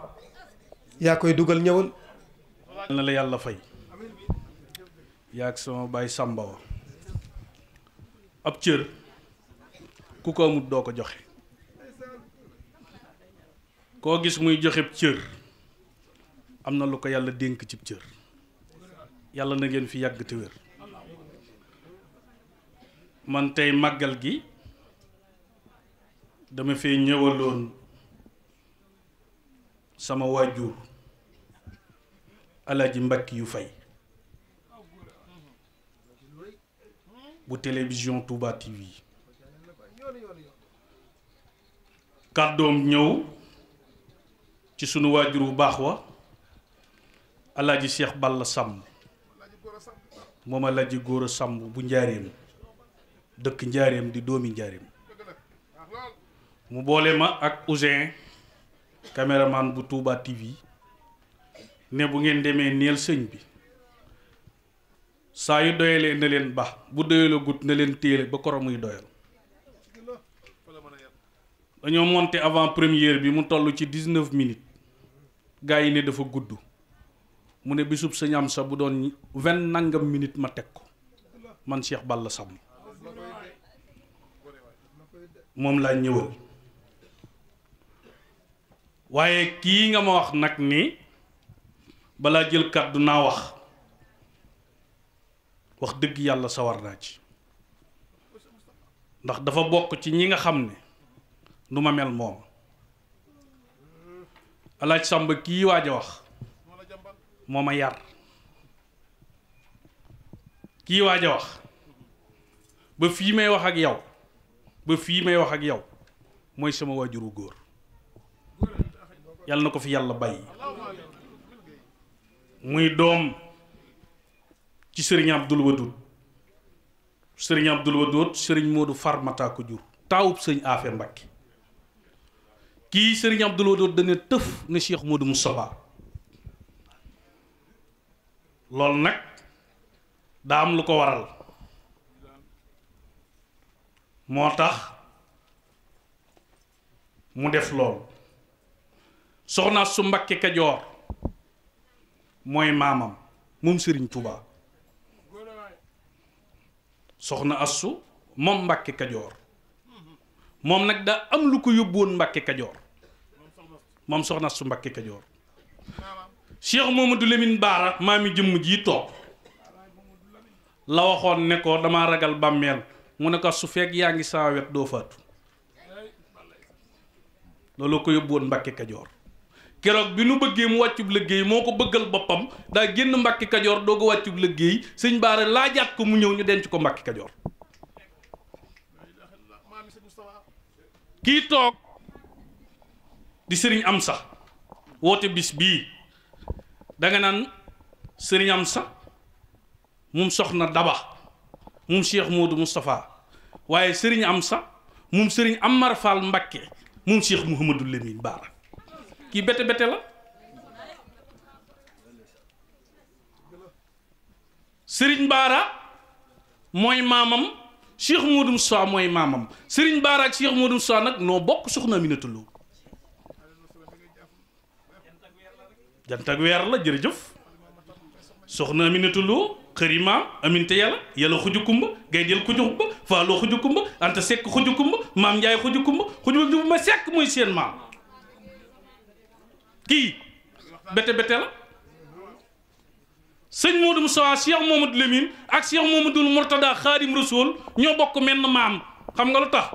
yaa koy dugal ñëwal. na la yàlla fay. yaa ak sama baay Samba wa ab cër ku ko amut doo ko joxe koo gis muy joxe cër am na lu ko yàlla dénk cib cër yàlla na ngeen fi yàgg te man tey màggal gi dama fee ñëwaloon sama waajur alaaji mbakki yu fay bu télévision Touba TV kàddoom ñëw ci sunu waajur wu baax wa alaaji Cheikh Balla Samb moom alaaji góor a Samb bu njaareem dëkk njaareem di doomi njaareem mu boole ma ak Ousin caméraman bu Touba TV ne bu ngeen demee neel sëñ bi saa yu doyalee na leen ba bu doyaloo gudd na leen téele ba koro muy doyal dañoo monté avant première bi mu toll ci dix-neuf minutes gars yi ne dafa gudd mu ne bisub sëñ am sa bu doon vingt nangam minutes ma teg ko man Cheikh Balla Samb mom la ñëwul waye ki nga ma wax nak ni bala jël kaddu na wax wax dëgg yàlla sawar naa ci ndax dafa bokk ci ñi nga xam ne mel moom alaaj kii waaj wax moo yar kii waaj wax ba fii may wax ak yow ba fii may wax ak yow mooy sama waajuru góor yàlla na ko fi yàlla bàyyi muy doom ci sëriñ Abdul Wadud sëriñ Abdul Wadud sëriñ Modou Farmata ko jur taawub sëñ Afe Mbakke kii sëriñ Abdul Wadud dana tëf ne Cheikh Modou Moustapha loolu nag daa am lu ko waral moo tax mu def lool soxna su Mbakke Kajoor mooy maamam moom sëriñ Touba soxna assu moom Mbakke Kajoor moom nag daa am lu Mbakke Kajoor moom soxna su Mbakke Kajoor Cheikh Mamadou Lamine Baara maami jëmm jii toog la waxoon ne ko damaa ragal bàmmeel mu ne su fek yaangi sa wet do fatu lolou ko yobbon mbacke kadior kérok bi nu bëggee mu waccu liggéey moko bëggal bopam da génn mbacke kadior doo ko wàccub liggéey bare la jatt ko mu ñew ñu denc ko mbacke kadior ki tok di sëriñ am sax wote bis da nga nan sëriñ am sax mum soxna daba moom Cheikh Modou Moustapha waaye sëriñ am sa moom sëriñ Amar Fall Mbakke moom Cheikh Mouhamadou Lamine Bara kii bete bete la sëriñ baara mooy maamam Cheikh Modou Moustapha mooy maamam sëriñ baara ak Cheikh Modou Moustapha nag noo bokk soxna Aminata Lo jant ak weer la jërëjëf soxna Aminata Lo xëri maam aminte yàlla yàlla xuju kumba gay del xuju kumba faaloo xuju kumba anta sekk xuju kumba maam njaay xuju kumba xuju bu ma sekk muy seen maam kii bete bete la sëñ Modou Moussa Cheikh Mamadou Lamine ak Cheikh Mamadou Mourtada Khadim Rasoul ñoo bokk menn maam xam nga lu tax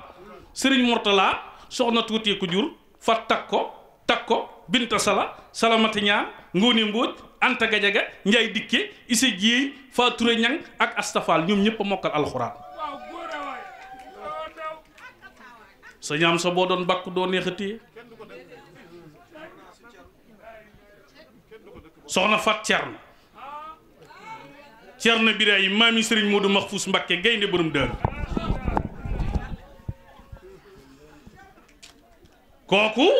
sëriñ Mourtala soxna tuutee ku jur fa takk ko takk ko binta sala salamati ñaan ngóone mbóoj Anta Gajaga Njaay Dikke Issa Dieye Faatouré Ñang ak Astafal ñom ñëpp mokal mokkal alxuraan sa ñaam sa boo doon bakku do neexati soxna Fat Cerno bi ray mami serigne modou mahfous mbacke gaynde borom deur koku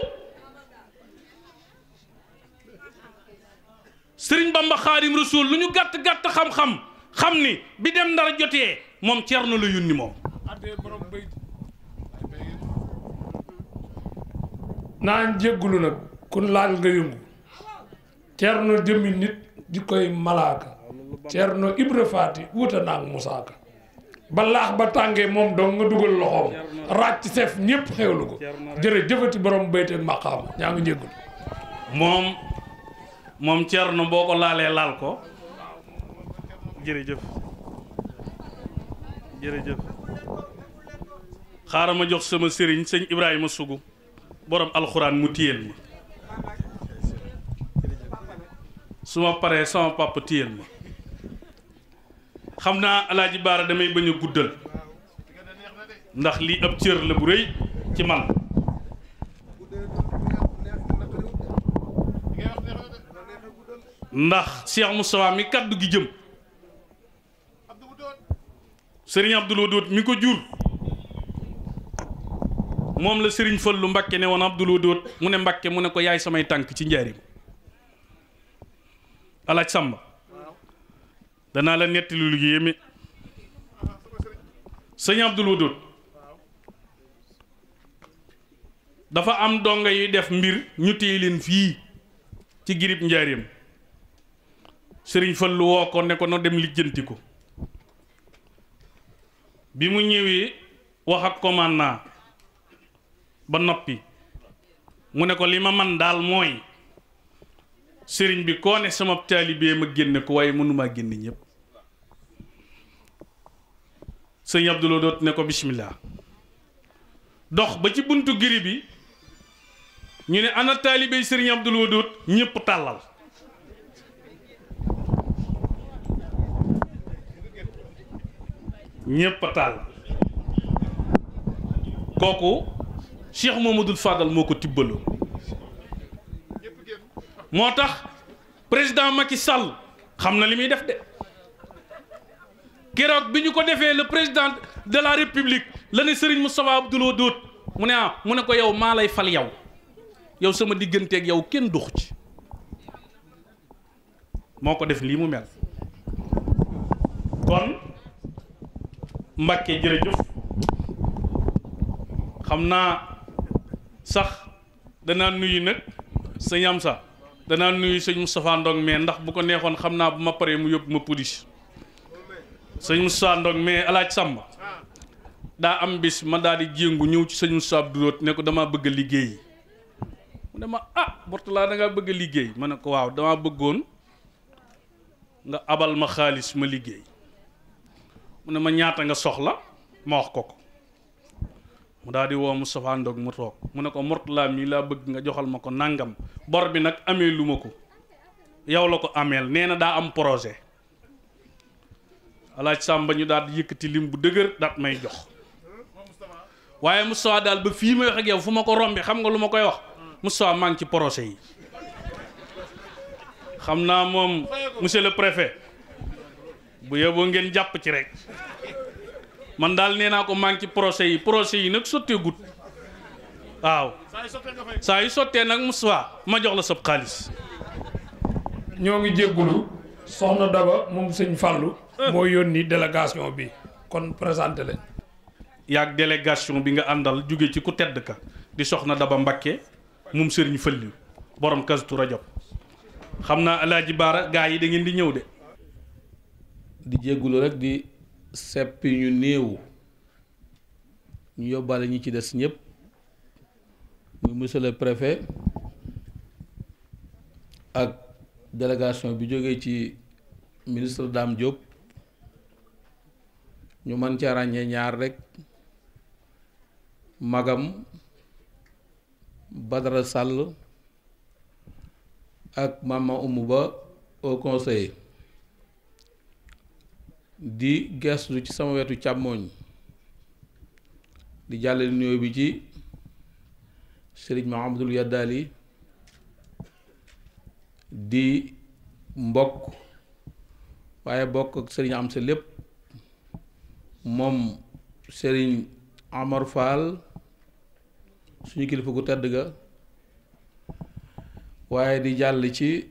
sëriñ bamba xaadim rasuul lu ñu gàtt gàtt xam-xam xam ni bi dem ndar jotee moom cerno la yu yónni moom naan jéggulu nag kun laal nga yëngu cerno jëmmi nit di koy malaaka cerno ibra faati wuta naag musaaka ba laax ba tàngee moom dong nga dugal loxoom ràcc sef ñépp xewlu ko jërë jëfati borom bayte maqaama ñaa ngi jéggulu moom moom na boo ko laalee laal ko jërëjëf jërëjëf xaaral ma jox sama sëriñ sëñ Ibrahima Sougou boroom alxuraan mu téyel ma su ma paree sama papa téyel ma xam naa alaaji baara damay bañ a guddal ndax lii ab cër la bu rëy ci man ndax Cheikh Moustapha mi kàddu gi jëm sëriñ Abdoul Wadoud mi ko jur moom la sëriñ Fallu Mbakke ne woon Abdoul Wadoud mu ne Mbakke mu ne ko yaay samay tànk ci njaarim alaaj Samba danaa la netti yéeme sëñ Abdoul Wadoud dafa am dongo yuy def mbir ñu téye leen fii ci girib njaarim sëriñ Fallu woo ko ne ko no dem lijjanti ko bi mu ñëwee wax ak commandant ba noppi mu ne ko li ma man daal mooy sëriñ bi koo ne sama taalibee ma génne ko waaye mënumaa génne ñëpp sëñ Abdoulaye doot ne ko bismillah dox ba ci buntu giri bi ñu ne ana taalibey sëriñ Abdoulaye doot ñëpp tàllal ñépp a taal kooku Cheikh Mamadou Fadal moo ko tibbaloo moo tax président ci Sall xam na li muy def de keroog bi ñu ko defee la président de la république la ne Serigne Moustapha Abdoul Wadoud mu ne ah mu ne ko yow maa lay fal yow yow sama digganteeg yow kenn dox ci moo ko def lii mu mel kon Mbàkke jërëjëf xam naa sax danaa nuyu nag sëñ Amsa danaa nuyu sëñ Moustapha Ndong mais ndax bu ko neexoon xam naa bu ma paree mu yóbbu ma police sëñ Moustapha Ndong mais alaaj Samba daa am bis ma daal di jéngu ñëw ci sëñ Moustapha Abdou ne ko damaa bëgg a liggéey mu ne ma ah Bortala da bëgg liggéey ma ne ko waaw dama bëggoon nga abal ma xaalis ma liggéey mu ne ma ñaata nga soxla ma wax ko ko mu daal di woo Moustapha Ndog mu toog mu ne ko Mourtala mii laa bëgg nga joxal ma ko nangam bor bi nag amee lu ma ko yow la ko ameel nee na daa am projet alaaj Samba ñu daal di yëkkati lim bu dëgër daat may jox waaye Moustapha daal ba fii may wax ak fu ma ko rombi xam nga lu ma koy wax Moustapha maa ngi ci projet yi xam naa moom monsieur le préfet. bu bo ngeen japp ci rek man dal neena ko maa ci procès yi procès yi nag sottee gut waaw saa yu sottee nag Moussa ma jox la sop khalis ñoo ngi djeggulu soxna Daba moom seigne fallu eh. mo yoni délégation bi kon présenté leen yak délégation bi nga andal djugé ci ku tedd ka di soxna Daba mbacké moom sëriñ Fallou borom kastu rajab xamna naa bara gaay yi da ngeen di ñew de di jéggulu rek di seppi ñu néewu ñu yóbbaale ñi ci des ñëpp muy monsieur préfet ak délégation bi jóge ci ministre Dame Diop ñu mën ca ràññee ñaar rekk magam Badara sàll ak mama Oumou Ba au conseil di gestu ci sama wetu càmmooñ di jàllale nuyoo bi ci sëriñ Mahamadul Yaddaali di mbokk waaye bokk ak sëriñ am sa lépp moom sëriñ Amar suñu kilifa gu tedd ga waaye di jàll ci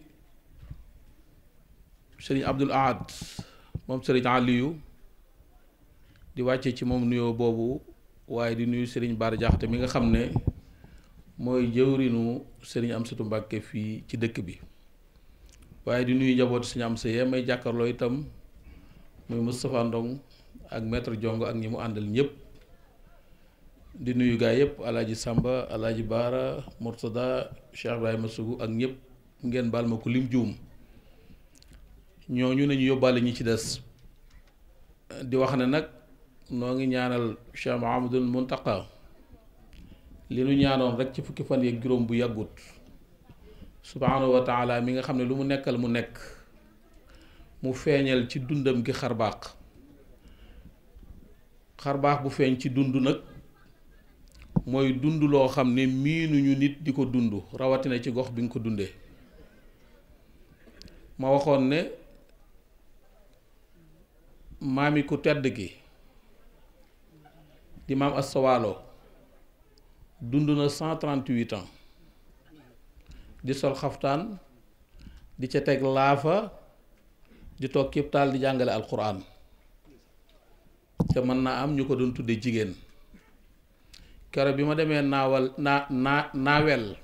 sëriñ Abdul Ahad moom sëriñ Aliou di wàcce ci moom nuyoo boobu waaye di nuyu sëriñ Bara Diakhaté mi nga xam ne mooy jëwriñu sëriñ Amsatu Mbàkke fii ci dëkk bi waaye di nuyu njaboot sëriñ Amsa yee may jàkkarloo itam muy mës Ndong ak maître Jongo ak ñi mu àndal ñëpp di nuyu gaa yëpp alaaji Samba alaaji Baara Murtada Cheikh Ibrahima Sougou ak ñëpp ngeen baal ma ko juum ñooñu nañu yóbbaale ñi ci des di wax ne nag noo ngi ñaanal Cheikh Mahamadul Muntaqa li nu ñaanoon rek ci fukki fan yeeg juróom bu yàggut subhaanahu wa mi nga xam ne lu mu nekkal mu nekk mu feeñal ci dundam gi xarbaax xarbaax bu feeñ ci dund nag mooy dund loo xam ne miinuñu nit di ko dund rawatina ci gox bi nga ko dundee ma waxoon ne maami ku tedd gi di maam Asta dund na cent trente di sol xaftaan di ca teg laafa di toog képp taal di jàngale alxuraan te mën na am ñu ko doon tudde jigéen kero bi ma demee naawal naa naa naawel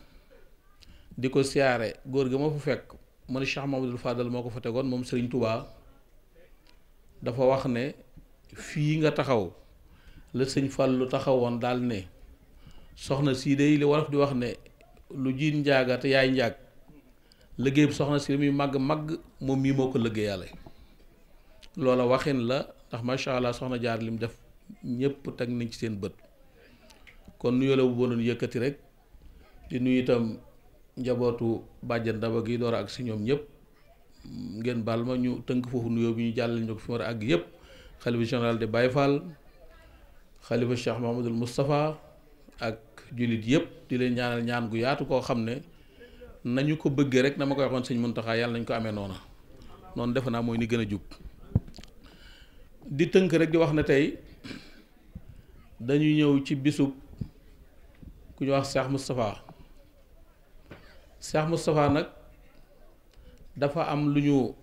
di ko siyaare góor gi ma fu fekk mu ne Cheikh Mamadou Fadal moo ko fa tegoon moom Serigne Touba dafa wax ne fii nga taxaw la sëñ Fallu taxawoon daal ne soxna sii day li wolof di wax ne lu jiit njaagat yaay njaag liggéey soxna si muy màgg màgg moom mii moo ko liggéeyale loola waxin la ndax macha allah soxna jaar lim def ñëpp teg nañ ci seen bët kon nuyoo la bu bonoon yëkkati rek di nuyu itam njabootu bàjjan daba gi door ak si ñoom ñëpp. ngeen baal ma ñu tënk foofu nuyoo bi ñu jàllale ñu ko fi àgg yëpp xalifa général de Baye Fall xalifa Cheikh Mahamadul Moustapha ak jullit yëpp di leen ñaanal ñaan gu yaatu koo xam ne nañu ko bëggee rek dama koy waxoon sëñ Muntaxa yàlla nañ ko amee noona noonu defe naa mooy ni gën a jub di tënk rek di wax na tey dañuy ñëw ci bisub ku ñu wax Cheikh Moustapha Cheikh Moustapha nag. dafa am lu ñu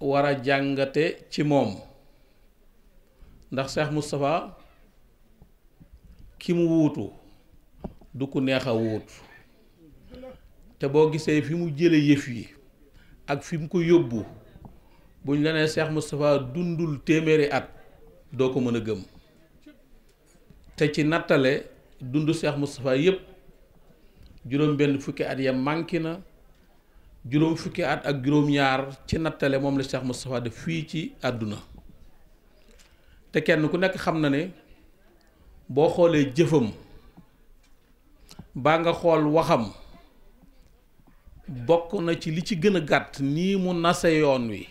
war a jàngate ci moom ndax Cheikh Moustapha ki mu wuutu du ku neexa wut te boo gisee fi mu jële yëf yi ak fi mu ko yóbbu buñ la nee Cheikh Moustapha dundul téeméeri at doo ko mën a gëm te ci nattale dundu seex Moustapha yépp juróom benn fukki at ya manqué na juróom fukki at ak juróom-ñaar ci nattale moom la Cheikh Moustapha def fii ci àdduna te kenn ku nekk xam na ne boo xoolee jëfam baa nga xool waxam bokk na ci li ci gën a gàtt nii mu nase yoon wi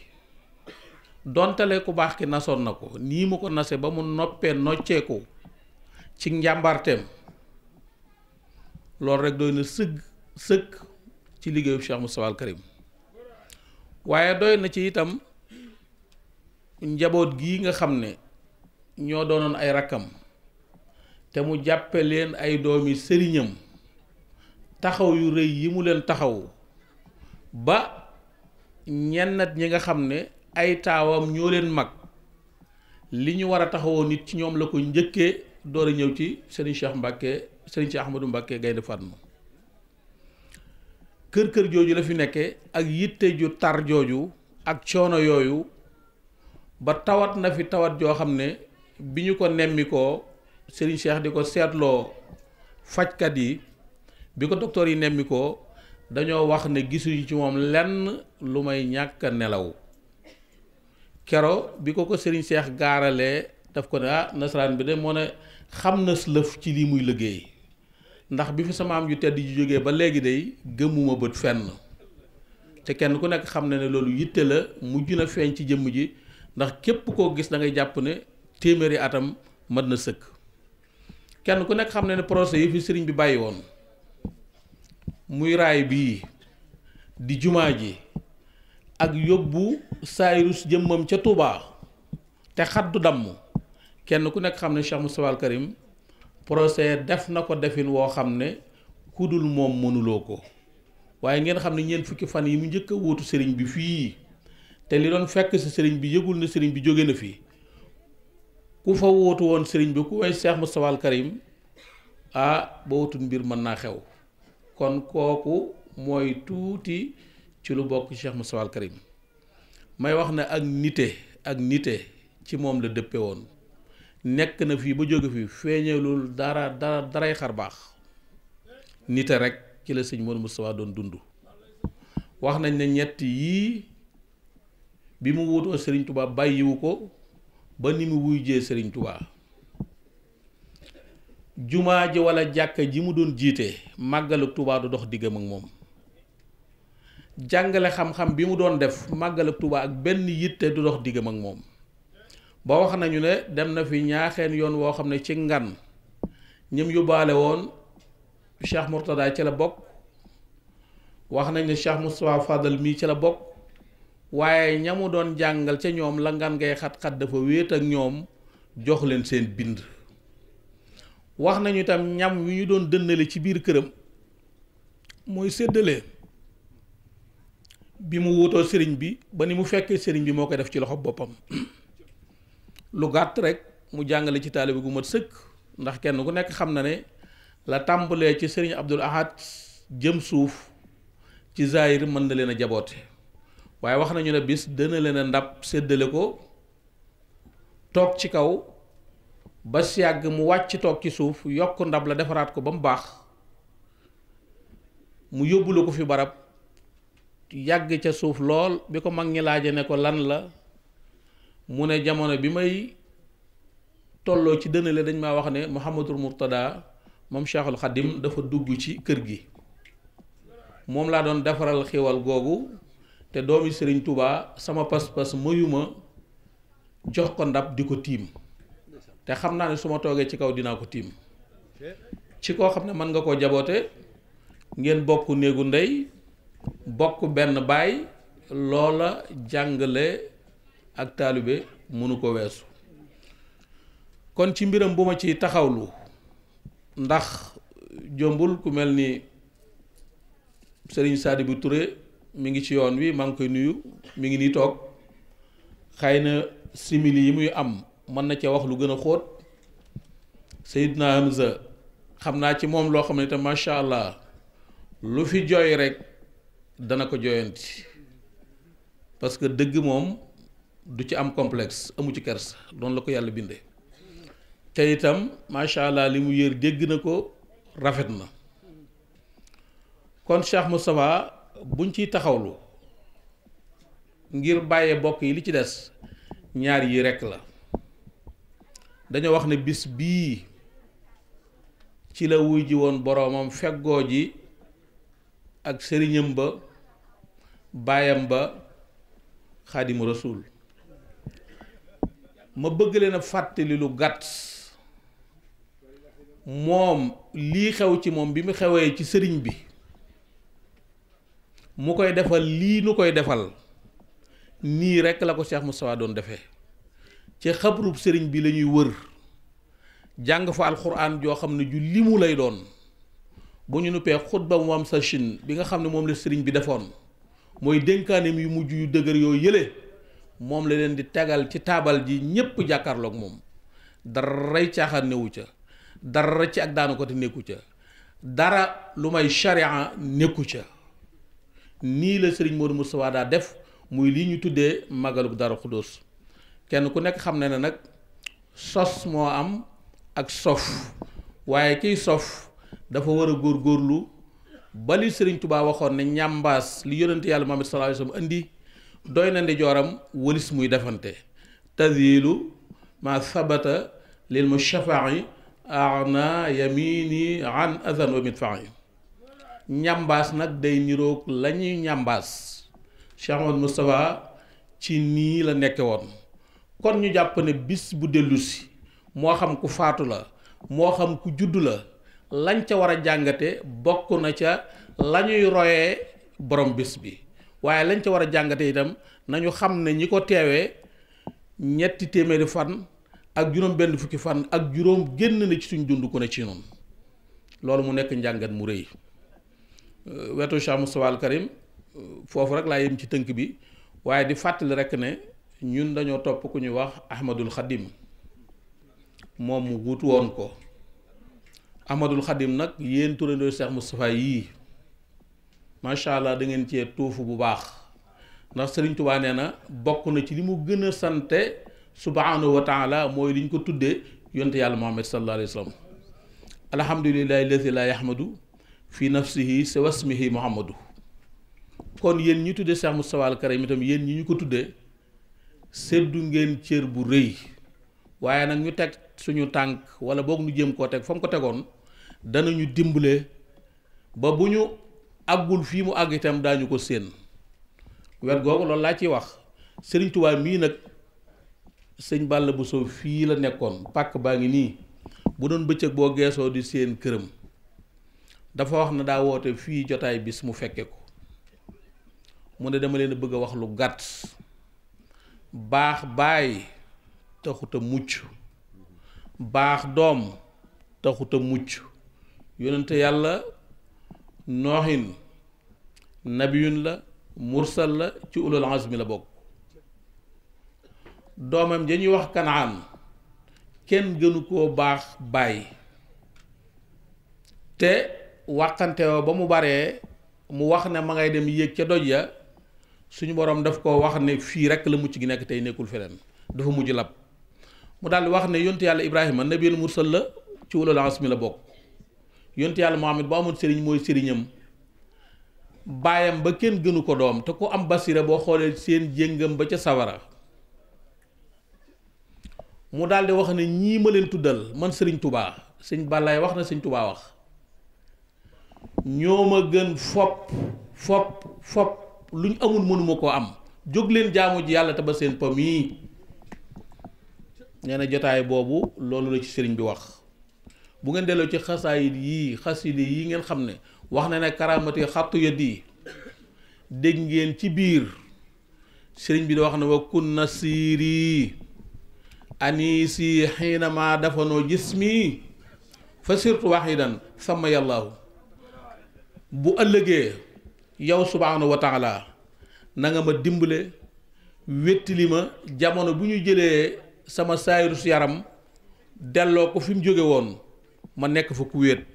dontale ku baax ki nasoon na ko nii mu ko nase ba mu noppee nocceeku ci njàmbarteem loolu rek doy na sëgg sëkk ci liggéeyu Cheikh Moustapha al Karim waaye doy na ci itam njaboot gi nga xam ne ñoo doonoon ay rakkam te mu jàppe leen ay doomi sëriñam taxaw yu rëy yi mu leen taxaw ba ñennat ñi nga xam ne ay taawam ñoo leen mag li ñu war a taxawoo nit ci ñoom la ko njëkkee door a ñëw ci Serigne Cheikh Mbacke Serigne Cheikh Ahmadou Mbacke Gaynde Fatma kër kër jooju la fi nekkee ak yitte ju tar jooju ak coono yooyu ba tawat na fi tawat joo xam ne bi ñu ko nemmi sëriñ Serigne di ko seetloo fajkat yi bi ko docteur yi nemmi dañoo wax ne gisuñu ci moom lenn lu may ñàkk nelaw kero bi ko ko sëriñ Cheikh gaaralee daf ko ne ah nasaraan bi de moo ne xam na lëf ci lii muy liggéey ndax bi fi sama maam ju tedd ju jógee ba léegi day gëmuma bët fenn te kenn ku nekk xam na ne loolu yitte la mujj na feeñ ci jëmm ji ndax képp koo gis dangay jàpp ne téeméeri atam mat na sëkk kenn ku nekk xam na ne projet yi fi sëriñ bi bàyyi woon muy raay bii di jumaa ji ak yóbbu sayrus jëmmam ca Touba te xaddu damm kenn ku nekk xam ne Cheikh Moustapha procès def na ko defin woo xam ne ku dul moom mënuloo ko waaye ngeen xam ne ñeent fukki fan yi mu njëkk a wóotu sëriñ bi fii te li doon fekk si sëriñ bi yëgul na sëriñ bi jóge na fi ku fa wóotu woon sëriñ bi ku way Cheikh Moustapha al Karim ah ba wutul mbir mën naa xew kon kooku mooy tuuti ci lu bokk Cheikh Moustapha al Karim may wax na ak nite ak nite ci moom la dëppe woon nekk na fii ba jóge fii feeñalul dara dara daray xar baax nite rekk ci la sëñ Mor Moustapha doon dund wax nañ ne ñett yii bi mu wutoo sëriñ Touba bàyyiwu ko ba ni mu wuyjee Serigne Touba jumaa ji wala jàkka ji mu doon jiite màggalu Touba du dox diggam ak moom jàngale xam-xam bi mu doon def màggalu tubaa ak benn yitte du dox diggam ak moom. ba wax nañu ne dem na fi ñaaxeen yoon woo xam ne ci ngan ñim yóbbaale woon Cheikh Mourtada ci la bokk wax nañ ne Cheikh Moustapha Fadal mii ci la bokk waaye ñamu doon jàngal ca ñoom la ngan ngay xat-xat dafa wéet ak ñoom jox leen seen bind wax nañu itam ñam wi ñu doon dëndale ci biir këram mooy séddale bi mu wutoo sëriñ bi ba ni mu fekkee sëriñ bi moo koy def ci loxo boppam lu gàtt rek mu jàngale ci taalibe gu mat sëkk ndax kenn ku nekk xam na ne la tàmbalee ci sëriñ Abdul Ahad jëm suuf ci zaahir mën na leen a jaboote waaye wax nañu ne bis dana leen a ndab séddale ko toog ci kaw ba si yàgg mu wàcc toog ci suuf yokk ndab la defaraat ko ba mu baax mu yóbbu ko fi barab yàgg ca suuf lool bi ko mag ñi laaje ne ko lan la mu ne jamono bi may tolloo ci dënale dañ ma wax ne Mouhamadul Mourtada moom Cheikhul Khadim dafa dugg ci kër gi moom laa doon defaral xéwal googu te doomi sëriñ tubaa sama pas-pas muyuma jox ko ndab di ko tiim te xam naa ne su ma toogee ci kaw dinaa ko tiim ci koo xam ne mën nga koo jaboote ngeen bokk néegu ndey bokk benn baay loola jàngale ak taalibe mënu ko weesu kon ci mbiram bu ma ci taxawlu ndax jombul ku mel ni sëriñ Serigne Sadibou Touré mi ngi ci yoon wi maa ngi koy nuyu mi ngi nii toog xëy na simili yi muy am mën na cee wax lu gën a xóot naa Hamza xam naa ci moom loo xam ne te macha allah lu fi jooy rek dana ko jooyanti parce que dëgg moom du ci am complexe amu ci kers doon la ko yàlla binde te itam macha allah li mu yër dégg na ko rafet na kon Cheikh Moustapha buñ ci taxawlu ngir bàyyee bokk yi li ci des ñaar yi rekk la dañoo wax ne bis bii ci la wuy ji woon boroomam fegoo ji ak sëriñam ba baayam ba xaadimu rasuul ma bëgg leen a fàttali lu gàtt moom lii xew ci moom bi mu xewee ci sëriñ bi mu koy defal lii nu koy defal nii rekk la ko Cheikh sawaa doon defee ci xabrub sëriñ bi lañuy wër jàng fa alxuraan joo xam ne ju limu lay doon bu ñu nuppee xutba mu am sa Chine bi nga xam ne moom la sëriñ bi defoon mooy dénkaaneem yu mujj yu dëgër yooyu yële moom la leen di tegal ci taabal ji ñépp jàkkaarlook moom daray caaxaan newu ca dara ci ak daanu ko te nekku ca dara lu may sharia nekku ca nii la sëriñ Modou Moustapha daa def muy lii ñu tuddee magalub dara xudóos kenn ku nekk xam na ne nag sos moo am ak sof waaye kiy sof dafa war a góor góorlu ba li sëriñ Tubaa waxoon ne ñàmbaas li yonente yàlla Muhammad sallallahu alayhi wasallam indi doy na ndijooram wëlis muy defante tazilu ma sabata lil mushafai arna yamini an azan wa midfai ñambaas nag day niroog la ñuy ñambaas Cheikh Ahmad Moustapha ci nii la nekke woon kon ñu jàpp ne bis bu dellusi moo xam ku faatu la moo xam ku juddu la lañ ca war a jàngate bokk na ca la ñuy royee borom bis bi waaye lañ ca war a jàngate itam nañu xam ne ñi ko teewee ñetti téeméeri fan ak juróom benn fukki fan ak juróom génn na ci suñ dund ku ne ci noonu loolu mu nekk njàngat mu rëy euh, wetu Cheikh Moustapha Al euh, foofu rek laa yem ci tënk bi waaye di fàttali rekk ne ñun dañoo topp ku ñu wax Ahmadul Xadim moom mu wutu woon ko Ahmadul Xadim nag yéen turandoo Cheikh Moustapha yii macha allah da ngeen cee tuufu bu baax ndax Sëriñ Tuubaa nee na bokk na ci li mu gën a sante subhaanahu wa taala mooy li ñu ko tuddee yonte yàlla Muhammad sallallahu alayhi wa sallam alhamdulillahi lazi la yahmadu fi nafsihi si wasmihi muhammadu kon yéen ñi tuddee Cheikh Moustapha al Karim yéen ñi ñu ko tuddee seddu ngeen cër bu rëy waaye nag ñu teg suñu tànk wala boog ñu jéem koo teg fa mu ko tegoon danañu dimbale ba bu ñu àggul fii mu àgg itam daañu ko séen wet googu loolu laa ciy wax sëriñ Tuubaa mii nag sëñ bu Bousso fii la nekkoon pàkk baa ngi nii bu doon bëccëg boo geesoo di seen këram dafa wax na daa woote fii jotaay bis mu fekkee ko mu ne dama leen bëgg a wax lu gàtt baax baay taxuta mucc baax doom taxuta mucc yonente yàlla nohin nabiyun la mursal la ci ulul azmi la bok. doomam ja ñuy wax kanaan kenn gënu koo baax bàyyi te wàqante wa ba mu baree mu wax ne ma ngay dem yéeg ca doj ya suñu borom daf ko wax ne fii rek la mucc gi nekk tey nekkul feneen dafa mujj lab mu wax ne yontu nabiyul mursal la ci ulul azmi la bok. yonte yàlla Muhammad ba amoon sëriñ mooy sëriñam baayam ba kenn gënu ko doom te ko am basira boo xoolee seen jéngam ba ca sawara mu daldi wax ne ñii ma leen tuddal man sëriñ tubaa sëñ bàllaay wax na sëñ tubaa wax ñoo ma gën fopp fopp fopp lu ñu amul mënuma ko am jóg leen jaamu ji yàlla te ba seen pom yi nee na jotaay boobu loolu la ci sëriñ bi wax bu ngeen delloo ci xasaayit yii xaside yi ngeen xam ne wax na ne karaamati xattu yëdd yi dégg ngeen ci biir sëriñ bi da wax ne wa kunna siiri anisi xiinama dafanoo jismi fa sirtu waxidan sama yàllaahu bu ëllëgee yow subhaanahu wa taala ma dimbale wettili ma jamono bu ñu jëlee sama saayirus yaram delloo ko fi mu jóge woon ma nekk fa ku wéet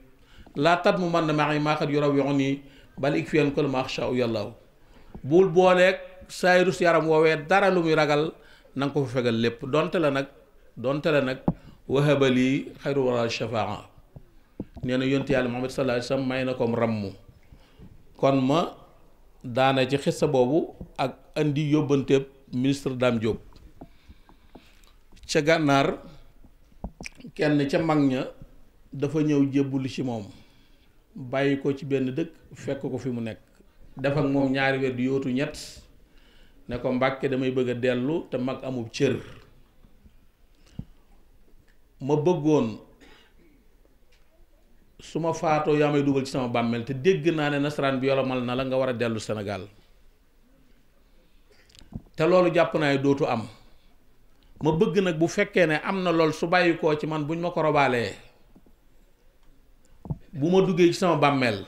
laa tat mu man na maa ngi maaxat yoraw yoxo nii bal ik fiyan kol macha yàlla bul booleeg sayrus yaram woowee dara lu muy ragal na nga ko fa fegal lépp donte la nag donte la nag wahaba lii xayru wala shafaa nee na yonti yàlla Muhammad sallallahu alayhi may na ko ràmmu kon ma daana ci xissa boobu ak indi yóbbante ministre Dame Diop ca gànnaar kenn ca mag ña dafa ñëw jébbuli ci moom bàyyi ko ci benn dëkk fekk ko fi mu nekk def ak moom ñaari weer di yootu ñett ne ko mbàkke damay bëgg a dellu te mag amub cër ma bëggoon su ma faatoo yaa may dugal ci sama bàmmeel te dégg naa ne nasaraan bi yolomal na la nga war a dellu senegaal te loolu jàpp naa dootu am ma bëgg nag bu fekkee ne am na lool su bàyyi koo ci man buñ ma ko robaalee bu ma duggee ci sama bàmmeel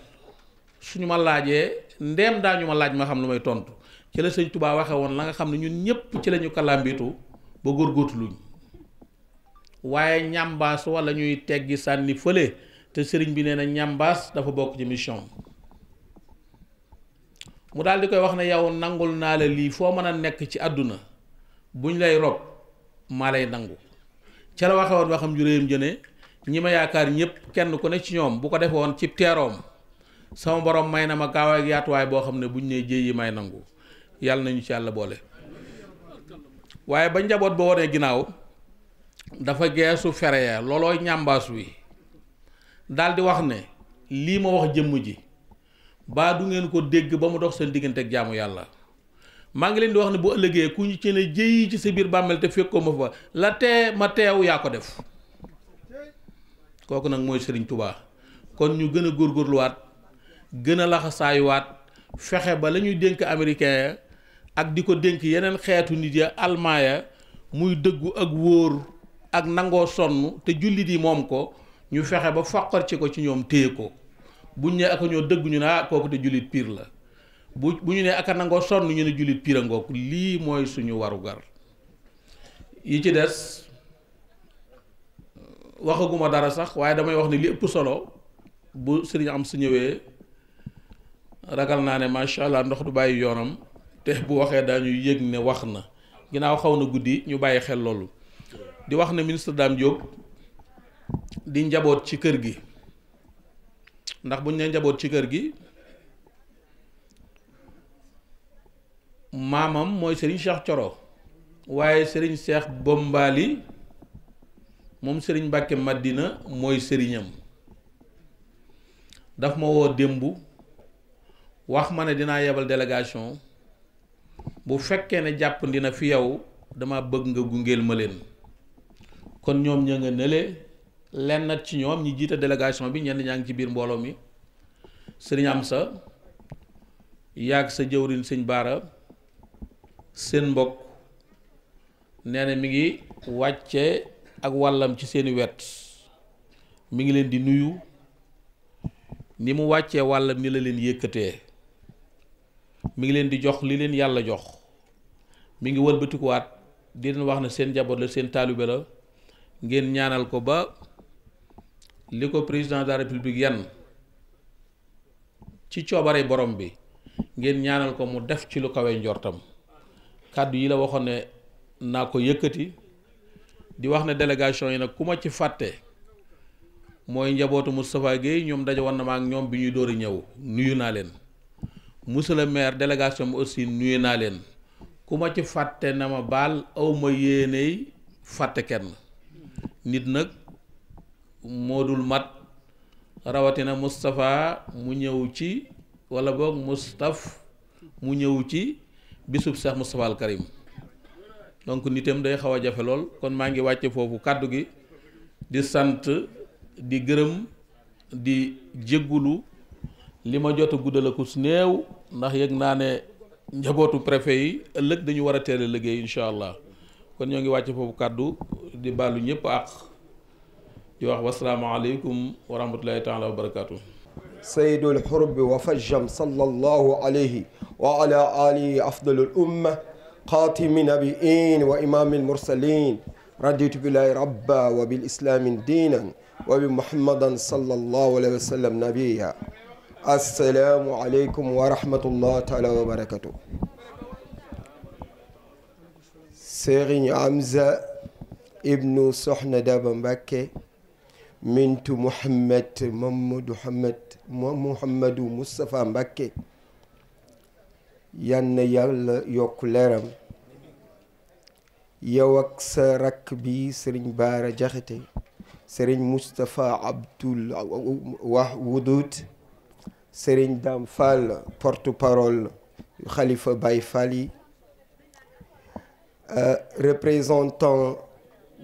suñu ma laajee ndeem daa ñu ma laaj ma xam lu may tontu ci la sëñ Tuubaa waxe woon la nga xam ne ñun ñëpp ci la ñu kalambitu ba luñ waaye ñambaas walla ñuy teggi sànni fële te sëriñ bi nee na ñambaas dafa bokk ci mission mu daal di koy wax ne yow nangul naa la lii foo mën a nekk ci àdduna buñ lay rob maa lay nangu ca la waxe woon waxam juréyam jëne ñi ma yaakaar ñëpp kenn ku ne ci ñoom bu ko defoon ci teeroom sama borom may na ma gaaw ak yaatuwaay boo xam ne bu ñu ne jéy yi may nangu yàlla nañu ci yàlla boole waaye ba njaboot ba wonee ginnaaw dafa geesu fere ya loolooy ñàmbaas wi daldi wax ne lii ma wax jëmm ji baa du ngeen ko dégg ba mu dox seen diggante ak jaamu yàlla maa ngi leen di wax ne bu ëllëgee ku ñu ci ne jéy ci sa biir bàmmeel te fekkoo ma fa la tee ma teew yaa ko def kooku nag mooy Serigne Touba kon ñu gën a góorluwaat gën a laxasaayuwaat fexe ba la ñuy dénk américain ya ak di ko dénk yeneen xeetu nit ya allemand ya muy dëggu ak wóor ak nangoo sonn te jullit yi moom ko ñu fexe ba foqar ko ci ñoom téye ko buñ ne aka ñoo dëgg ñu ne ah kooku te jullit piir la bu bu ñu ne aka nangoo sonn ñu ne jullit piir a ngoog lii mooy suñu warugar yi ci des waxaguma dara sax waaye damay wax ni li ëpp solo bu sëriñ am su ñëwee ragal naa ne macha allah ndox du bàyyi yoonam te bu waxee daañu yëg ne wax na ginnaaw xaw na guddi ñu bàyyi xel loolu di wax ne ministre Dame di njaboot ci kër gi ndax buñ ne njaboot ci kër gi maamam mooy sëriñ Cheikh Coro waaye sëriñ seex Bombali moom sëriñ Mbàkke Madina mooy sëriñam daf ma woo démb wax ma ne dinaa yebal délégation bu fekkee ne jàppandi na fi yow dama bëgg nga gungeel ma leen kon ñoom ña nga nële lenn ci ñoom ñi jiite délégation bi ñenn ñaa ngi ci biir mbooloo mi sëriñam sa yàgg sa jëwriñ sëñ Baara seen mbokk nee mi ngi wàcce ak wàllam ci seeni wet mi ngi leen di nuyu ni mu wàccee wàllam ni la leen yëkkatee mu ngi leen di jox li leen yàlla jox mi ngi wëlbatikuwaat di leen wax na seen njaboot la seen taalibe la ngeen ñaanal ko ba li ko président de la république yan ci coobare borom bi ngeen ñaanal ko mu def ci lu kawe njortam kàddu yi la waxoon ne naa ko yëkkati di wax ne délégation yi nag ku ma ci fàtte mooy njabootu Moustapha Guèye ñoom daje woon na ak ñoom bi ñuy door a ñëw nuyu naa leen musala maire délégation bi aussi nuyu naa leen ku ma ci fàtte na ma baal aw ma fàtte kenn nit nag moo dul mat rawatina Moustapha mu ñëw ci walla boog Moustapha mu ñëw ci bisub Cheikh Moustapha al donc nitam day xawa jafe lol kon ma ngi wàcce fofu kàddu gi di sante di gërëm di jéggulu lima ma jot a guddal ko su ndax yëg naane ne préfet yi ëlëk dañu wara a teel a liggéey incha kon ñoo ngi wàcce fofu kàddu di balu ñëpp ak di wax alaykum wa rahmatullahi taala wa barakatuh سيد الحرب وفجم صلى الله عليه وعلى آله أفضل الأمة خاتم نبيين وإمام المرسلين رديت بالله ربا وبالإسلام دينا وبمحمد صلى الله عليه وسلم نبيا السلام عليكم ورحمة الله تعالى وبركاته سيغني عمزة ابن سحنة دابا مبكي منت محمد محمد محمد مصطفى مبكي Yann yalla Yokuleram Leram. yow ak sa Sering bi serigne abdul Damfal porte parole Khalifa Bayfali. Euh, représentant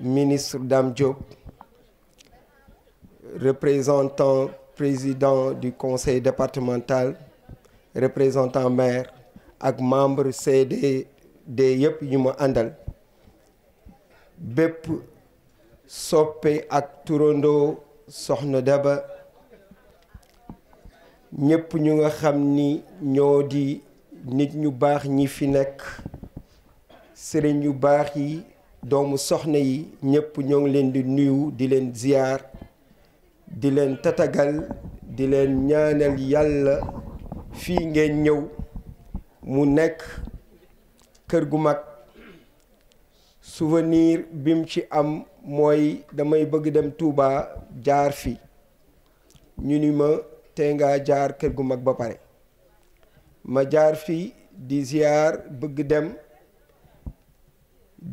ministre Damjob, représentant président du conseil départemental représentant maire ak membre CDD yëpp yu ma àndal bépp soppe ak turandoo soxna Daba ñëpp ñu nga xam ni ñoo di nit ñu baax ñi fi nekk sëriñ yu baax yi doomu soxna yi ñëpp ñoo ngi leen di nuyu di leen ziyaar di leen tatagal di leen ñaanal yàlla fii ngeen ñëw mu nekk kër gu mag souvenir bim ci am mooy damay bëgg dem Touba jaar fi ñu ni ma tey ngaa jaar kër gu mag ba pare ma jaar fi di ziar bëgg dem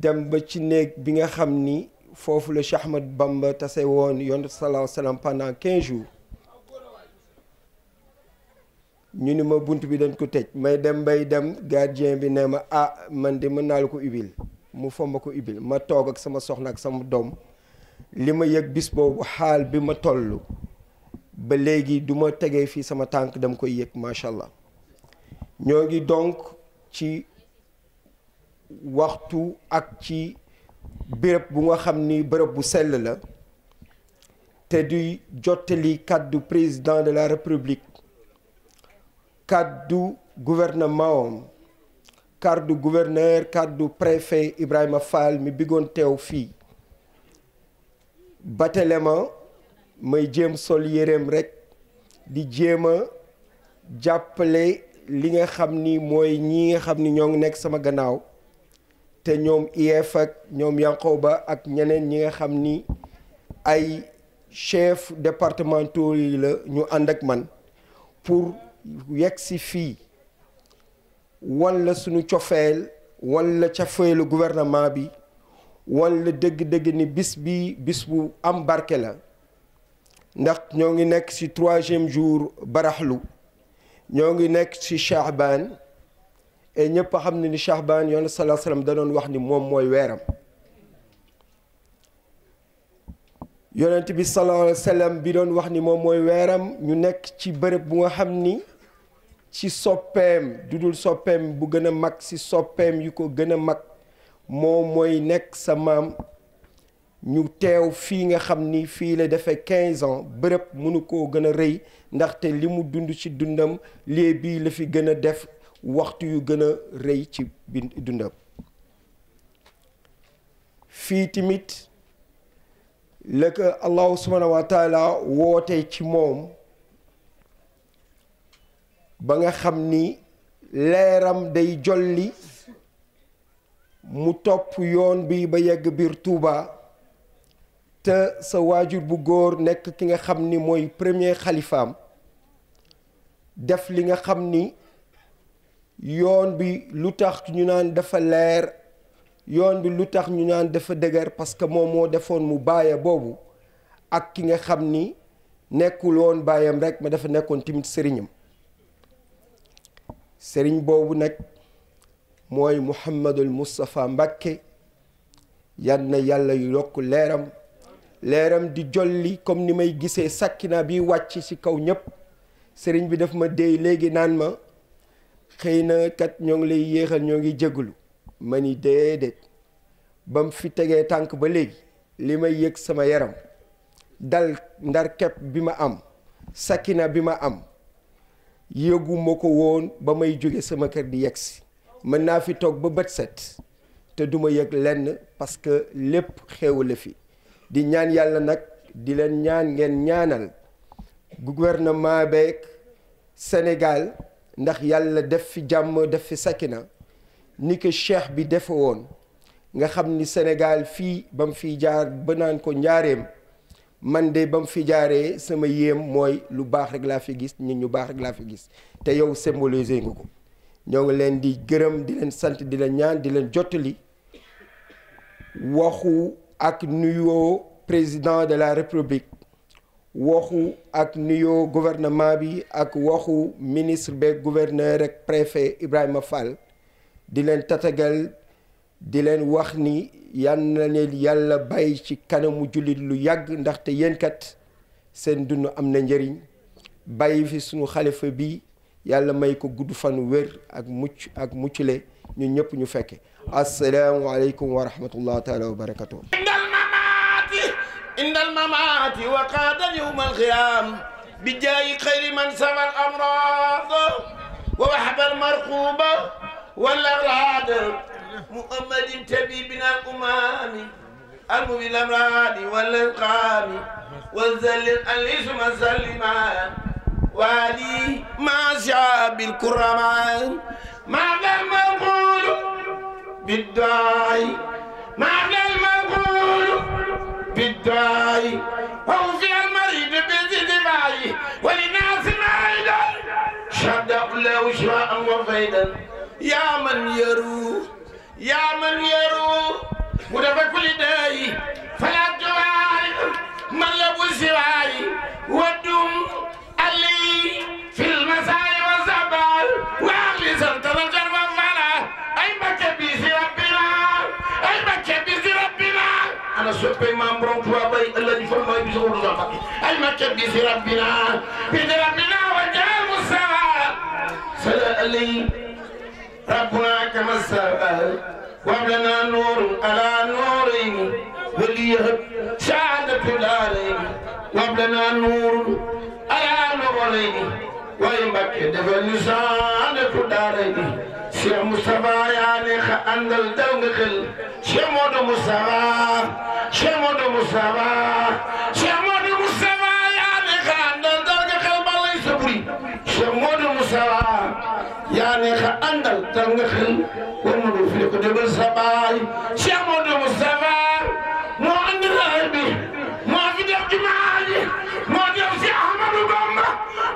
dem ba ci néeg bi nga xam ni foofu la Cheikh Ahmad Bamba tase woon yonent sallallahu alayhi wa sallam quinze jours ñu ni ma bunt bi dañ ko tëj may dem mbay dem gardien bi ne ma ah man de mën naa la ko ubbil mu fomba ko ubbil ma toog ak sama soxna ak sama doom li ma yëg bis boobu xaal bi ma tollu ba léegi du ma tegee fii sama tànk dama koy yëg macha allah ñoo ngi donc ci waxtu ak ci béréb bu nga xam ni béréb bu sell la te du jottali kàddu président de la république kàddu gouvernement kàddu gouverneur kàddu préfet Ibrahima Fall mi biggoon teew fii batale ma may jéem sol yéreem rekk di jéem a jàppale li nga xam ni mooy ñi nga xam ni ñoo ngi nekk sama gannaaw te ñoom IEF ak ñoom ba ak ñeneen ñi nga xam ni ay chef départementaux yi la ñu ànd ak man pour yegg si fii wala suñu cofeel wala cofeelu gouvernement bi wala dëgg-dëgg ni bis bi bis bu am barke la ndax ñoo ngi nekk ci troisième jour baraxlu ñoo ngi nekk ci Shahban et ñëpp xam ne ni Shahban yoon salaa salaam da doon wax ni moom mooy weeram yonent bi salaa bi doon wax ni moom mooy weeram ñu nekk ci bërëb bu nga xam ni ci soppeem du dul soppeem bu gën a mag ci soppeem yu ko gën a mag moom mooy nekk sa maam ñu teew fii nga xam ni fii la defee quinze ans bërëb mënu koo gën a rëy ndaxte li mu dund ci dundam lii bii la fi gën a def waxtu yu gën a rëy ci dundam fii timit la ko allahu subhanahu wa taala woote ci moom ba nga xam ni leeram day jolli mu topp yoon bi ba yegg biir Touba te sa waajur bu góor nekk ki nga xam ni mooy premier xalifaam def li nga xam ni yoon bi lu tax ñu naan dafa leer yoon bi lu tax ñu naan dafa dëgër parce que moom moo defoon mu baaya boobu ak ki nga xam ni nekkul woon baayam rek ma dafa nekkoon timit sëriñam sëriñ boobu nag mooy Mouhamadul Moustapha Mbakke yal na yàlla yokk leeram leeram di jolli comme ni may gisee sàkkina bi wàcc ci kaw ñépp sëriñ bi daf ma déy léegi naan ma xëy na kat ñoo ngi lay yéexal ñoo ngi jégalu ma ni déedéet ba mu fi tegee tànk ba léegi li may yëg sama yaram dal ndar bi ma am sakkina bi ma am yëguma ko woon ba may jóge sama kër di si mën naa fi toog ba bët set te duma yëg lenn parce que lépp xew la fi di ñaan yàlla nag di leen ñaan ngeen ñaanal gouvernement beek Sénégal ndax yàlla def fi jàmm def fi sakina ni ko cheikh bi defe woon nga xam ni Sénégal fii ba mu fiy jaar ba naan ko njaareem man de ba mu fi jaaree sama yéem mooy lu baax rek laa fi gis ñi ñu baax rek laa fi gis te yow symboliser nga ko ñoo ngi leen di gërëm di leen sant di leen ñaan di leen jottali waxu ak nuyoo président de la république waxu ak nuyoo gouvernement bi ak waxu ministre beeg gouverneur ak préfet Ibrahima Fall di leen tatagal di leen wax ni yan na leen yàlla bàyyi ci kanamu jullit lu yàgg ndaxte yéen kat seen dund am na njëriñ bàyyi fi sunu xalifa bi yàlla may ko gudd fan wér ak mucc ak muccule ñun ñëpp ñu fekke asalaamu aleykum wa rahmatullah taala wa barakatuh indal mamaati indal mamaati wa qaada yowma alqiyam bi jaayi xayri man sama al amraad wa waxba almarquba wal araad محمد تبيبنا الأمام المبي الأمراد والإرقام والذل الإسم السلمان وعلي ما شعب الكرمان معنى المقول بالدعاء معنى المقول بالدعاء هو في المريض بزيد معي ولناس معيدا شهد له شراء وفيدا يا من يروح يا من يرو ودفع كل داي فلا جواري من يبو سواي ودوم علي في المساي والزبال وعلي سلطة الجرم فلا أي بكى بيسي ربنا أي بكى بيسي ربنا أنا سوبي ما مرون توابي الله فرما ما يبيسي ربنا أي بكى بيسي ربنا بيسي ربنا وجه المساء سلا علي ربنا كما سأل وابلنا نور على نور وليهب شهادة الدارين وابلنا نور على نورين ويمبكي دفل شهادة الدارين شيخ مصطفى يا نخ عند الدنقل شيخ مود مصطفى شيخ مود مصطفى شيخ مود مصطفى يا نخ عند الدنقل بالي يسبري شيخ مود مصطفى la neex a àndal tal nga xel war na dul fii ko déglu sa baay Cheikh Modou Moustapha moo andi raay bi moo fi def jumaa ji moo def si Ahmadou Bamba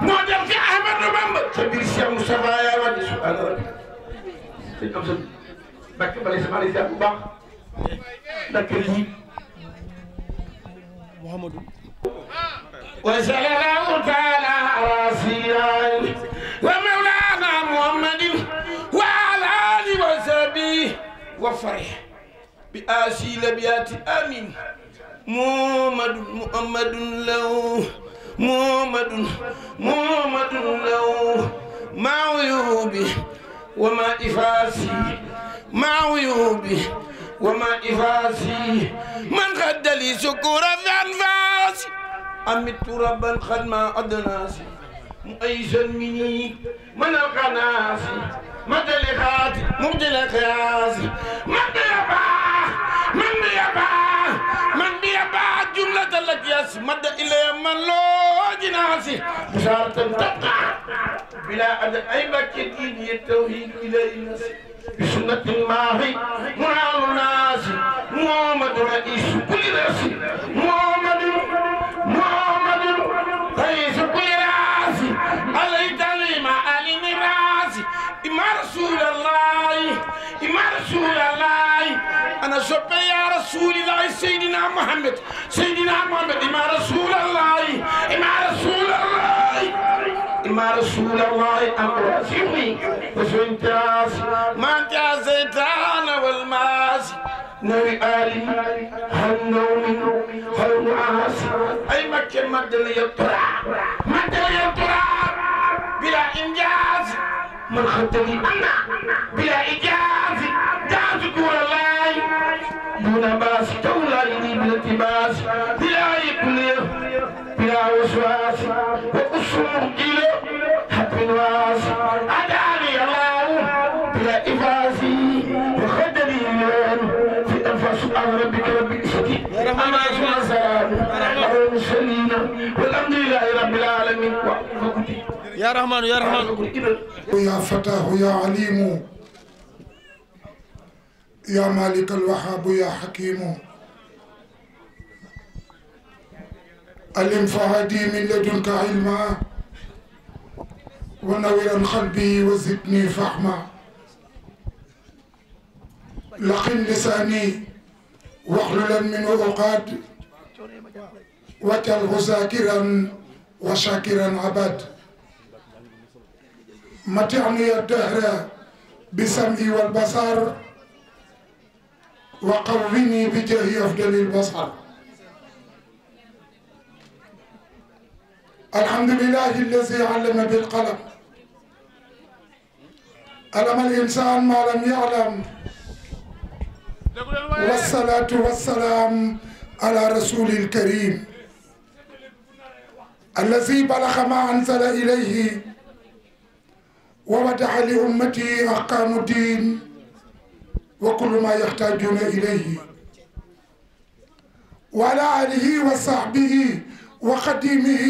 moo def si Ahmadou Bamba sa biir Cheikh Moustapha yaa wàññi subhaana rabbi sëñ am sa bakk bale sa bale bu baax dakk lii Mouhamadou wa salaam وفرح بآسي لبيات آمين محمد محمد له محمد محمد له مع عيوبه وما إفاسي مع عيوبه وما إفاسي من قد لي سكور في أنفاسي أمت ربا قد ما أدناسي مؤيسا مني من القناسي مد لخات مد لخياز مد يبا مد يبا مد يبا جملة لك ياس مد إلي من لو جناسي بشارة تبقى بلا أدى أي بكي دين يتوهيد إلي نسي بسنة الله منال الناس محمد رئيس كل رسي جبه يا رسول الله سيدنا محمد سيدنا محمد إما رسول الله إما رسول الله إما رسول الله أم رسولي وشو انتاز ما انتاز زيتان والماز نبي علي هل نوم هل معاس أي مكة مدل يطرع مدل يطرع بلا إنجاز من خطني أنا بلا إنجاز دازك ولا دون باس تولى الإبلة باس بلا إبلغ بلا وسواس وأسر جلو حب الواس أدعني الله بلا إفاسي وخدني اليوم في أنفس ربك رب الإشتي أما أسمع السلام على المرسلين والحمد لله رب العالمين يا رحمن يا رحمن يا فتاه يا عليم يا مالك الوهاب يا حكيم ألم فهدي من لدنك علما ونورا قلبي وزدني فحما لقن لساني واحللا من عقاد وتلغ ذاكرا وشاكرا عبد متعني الدهر بسمعي والبصر وقرني بجاه أفضل البصر الحمد لله الذي علم بالقلم علم الإنسان ما لم يعلم والصلاة والسلام على رسول الكريم الذي بلغ ما أنزل إليه ووضع لأمته أحكام الدين وكل ما يحتاجون إليه وعلى آله وصحبه وقديمه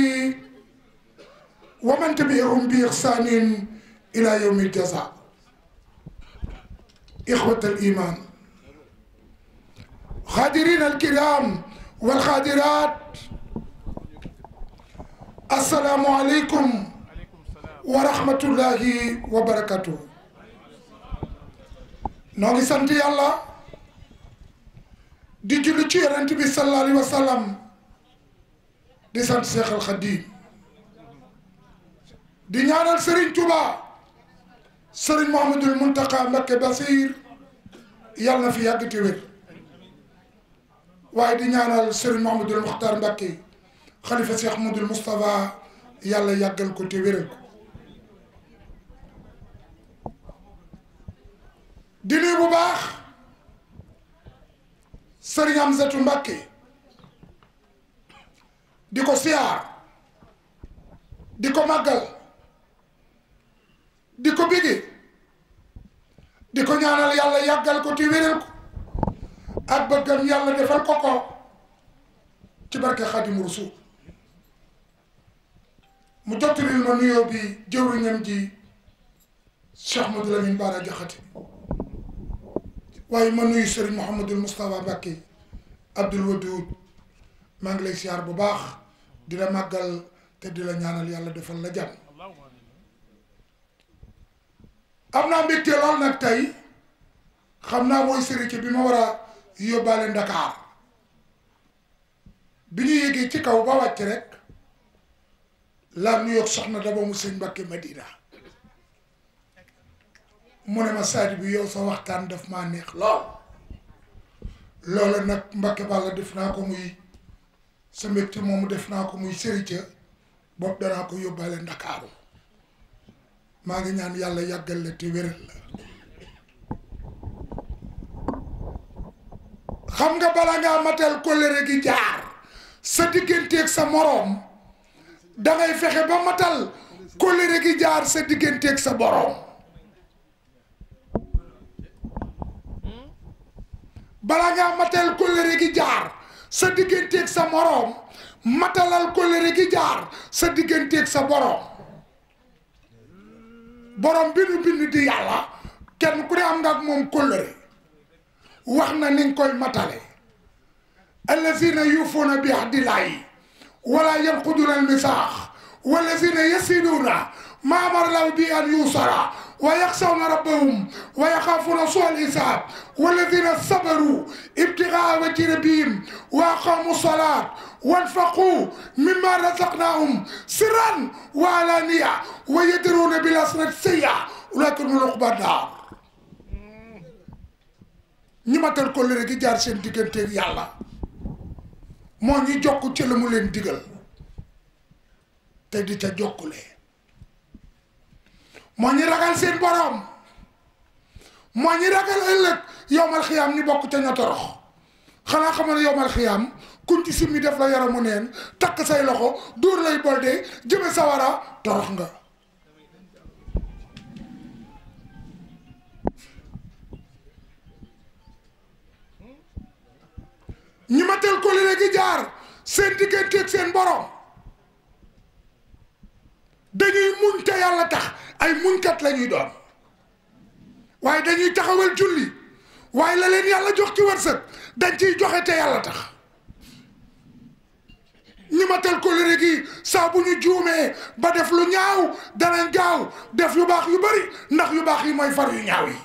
ومن تبعهم بإحسان إلى يوم الجزاء إخوة الإيمان غادرين الكرام والغادرات السلام عليكم ورحمة الله وبركاته noo ngi sant yàlla di julli ci yonent bi sallallahu alayhi wa sallam di sant Cheikh Al Khadim di ñaanal Serigne Touba Serigne Mouhamadoul Mountakha Mbacké Basir yàlla na fi yàgg te wér waaye di ñaanal Serigne Mouhamadoul Mokhtar Mbacké xalifa Cheikh Mouhamadoul Moustapha yàlla yàggal ko te ko di nuyu bu baax sëriñ Amsatu Mbàkke di ko siyaar di ko màggal di ko bigi di ko ñaanal yàlla yàggal ko ti wéral ko ak bëggam yàlla defal ko ci barke Xaadimu Rasuul mu jottalil ma nuyoo bi jëwriñam ji Cheikh Modou Lamine Bara Jaxate waaye ma nuyu sëriñ Mouhamadul Moustapha Mbacke Abdoul Wadoud maa ngi lay siyaar bu baax di la màggal te di la ñaanal yàlla defal la jàmm am naa mbégte lool nag tey xam naa mooy sëriñ bi ma war a yóbbaale Ndakaar bi ñu yéegee ci kaw ba wàcc rek laa nuyoog soxna Daba mu sëñ Mbacke Madina mu ne ma Sadio bi yow sa waxtaan daf maa neex lool loolu nag Mbacké Balla def naa ko muy sa mbégte mu def naa ko muy sëriñ boobu danaa ko yóbbaale ndakaaru maa ngi ñaan yàlla yàggal la te wéral la xam nga bala ngaa matal kóllëre gi jaar sa digganteeg sa moroom dangay fexe ba matal kóllëre gi jaar sa digganteeg sa boroom bala ngaa matal kóllëre gi jaar sa digganteeg sa moroom matalal kóllëre gi jaar sa digganteeg sa boroom boroom bi nu bind di yàlla kenn ku ne am nga ak moom kóllëre wax na ni nga koy matale allazina yuufuuna bi ahdillaahi wala yanquduna almisaax wallazina yasiluuna ma amara lahu bi an yuusara ويخشون ربهم ويخافون سوء الحساب والذين صبروا ابتغاء وجه ربهم واقاموا الصلاه وانفقوا مما رزقناهم سرا وعلانيه ويدرون بالاسرة السيئه اولئك هم عقبى الدار ñi matal ko lëre gi jaar seen digganteeg yàlla moo ñi jokk ci la mu leen digal te di ca jokkule moo ñi ragal seen boroom moo ñu ragal ëllëg yowmal xiyaam ñu bokk ca ña torox xanaa xamal ne yowmal xiyaam kuñ ci summi def la yaramu neen takk say loxo dóor lay boldee jëme sawara torox nga ñi ma tel ko li léegi jaar seen digganteeg seen boroom dañuy muñ te yàlla tax ay muñkat la ñuy doon waaye dañuy taxawal julli waaye la leen yàlla jox ci wërsëg dañ ciy joxe te yàlla tax ñi matal kóllëre gi saa bu ñu juumee ba def lu ñaaw danañ gaaw def yu baax yu bari ndax yu baax yi mooy far yu ñaaw yi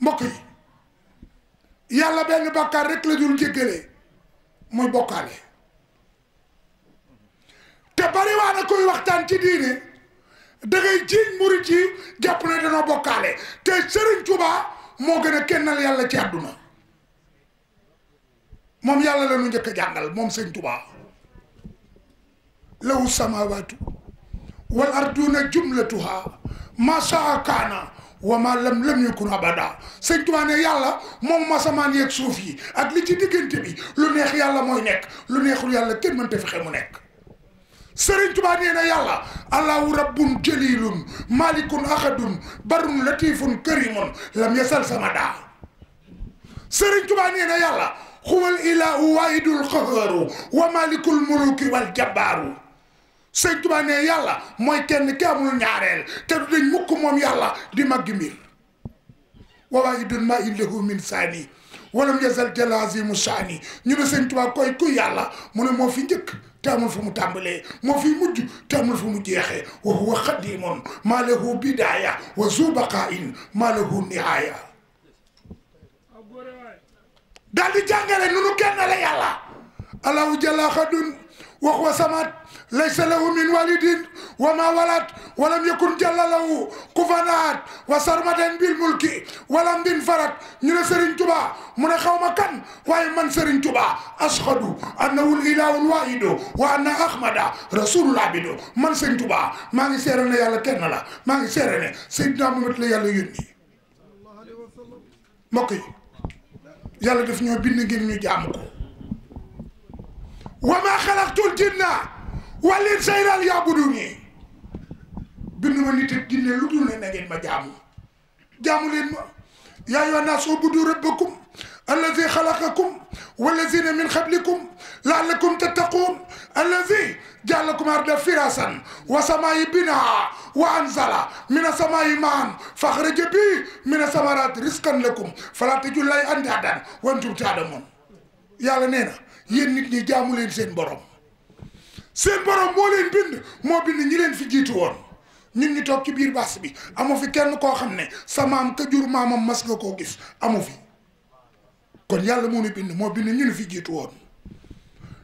mbokk yàlla benn bàkkaar rek la dul jéggalee mooy bokkaale te bari waa na koy waxtaan ci diine da ngay jiiñ murit yi jàpp ne danoo bokkaale te Serigne Touba moo gën a kennal yàlla ci àdduna moom yàlla la nu njëkk a jàngal moom Serigne Touba lahu samawatu wal arduna jumlatuha ma saa kaana wa ma lam lam yakun abada Serigne Touba ne yàlla moom masamaan yeeg suuf yi ak li ci diggante bi lu neex yàlla mooy nekk lu neexul yàlla kenn mënta fexe mu nekk sëriñ Tuubaa nee na yàlla allahu rabbun jalilun malikun ahadun barun latifun karimun lam yasal sama daa sëriñ Tuubaa nee na yàlla huwal ilahu waahidul qahaaru wa malikul muluki wal jabbaaru sëriñ Tuubaa nee yàlla mooy kenn ki amul ñaareel te du dañ mukk moom yàlla di maggi mbir wa waahidun ma illahu min saani walam yasal jalazimu saani ñu ne sëriñ Tuubaa koy ku yàlla mu ne moo fi njëkk te amul mu tàmbalee moo fi mujj te amul mu jeexee wa huwa xadimun maa lahu bidaaya wa zu baqaain maa lahu nihaaya daal di jàngale nunu kenn la yàlla allahu jalla xadun wa huwa samat ليس له من والد وما ولد ولم يكن جل له كفنا وسرمد بالملك ولم دين فرد من سرين توبا من خوما كان واي من سرين توبا اشهد انه الاله الواحد وان احمد رسول العبد من سرين توبا ما سيرنا يا الله لا ما سيرنا سيدنا محمد لي يلا يوني مكي يلا دفنيو بين نجيب نجامكو وما خلقت الجنه ولي سيرال يا بدوني بنو لي تدين لودول نغين ما جامو جامو لين يا يا ناس عبدوا ربكم الذي خلقكم والذين من قبلكم لعلكم تتقون الذي جعلكم ارض فراسا وسماء بناء وانزل من السماء ماء فخرج به من الثمرات رزقا لكم فلا تجوا لا اندادا وانتم تعلمون يا نينا يين نيت ني جامو سين بروم seen borom moo leen bind moo bind ñi leen fi jiitu woon ñun ñu toog ci biir baas bi amu fi kenn koo xam ne sa maam ka jur maamam mas nga koo gis amu fi kon yàlla moo ñu bind moo bind ñu fi jiitu woon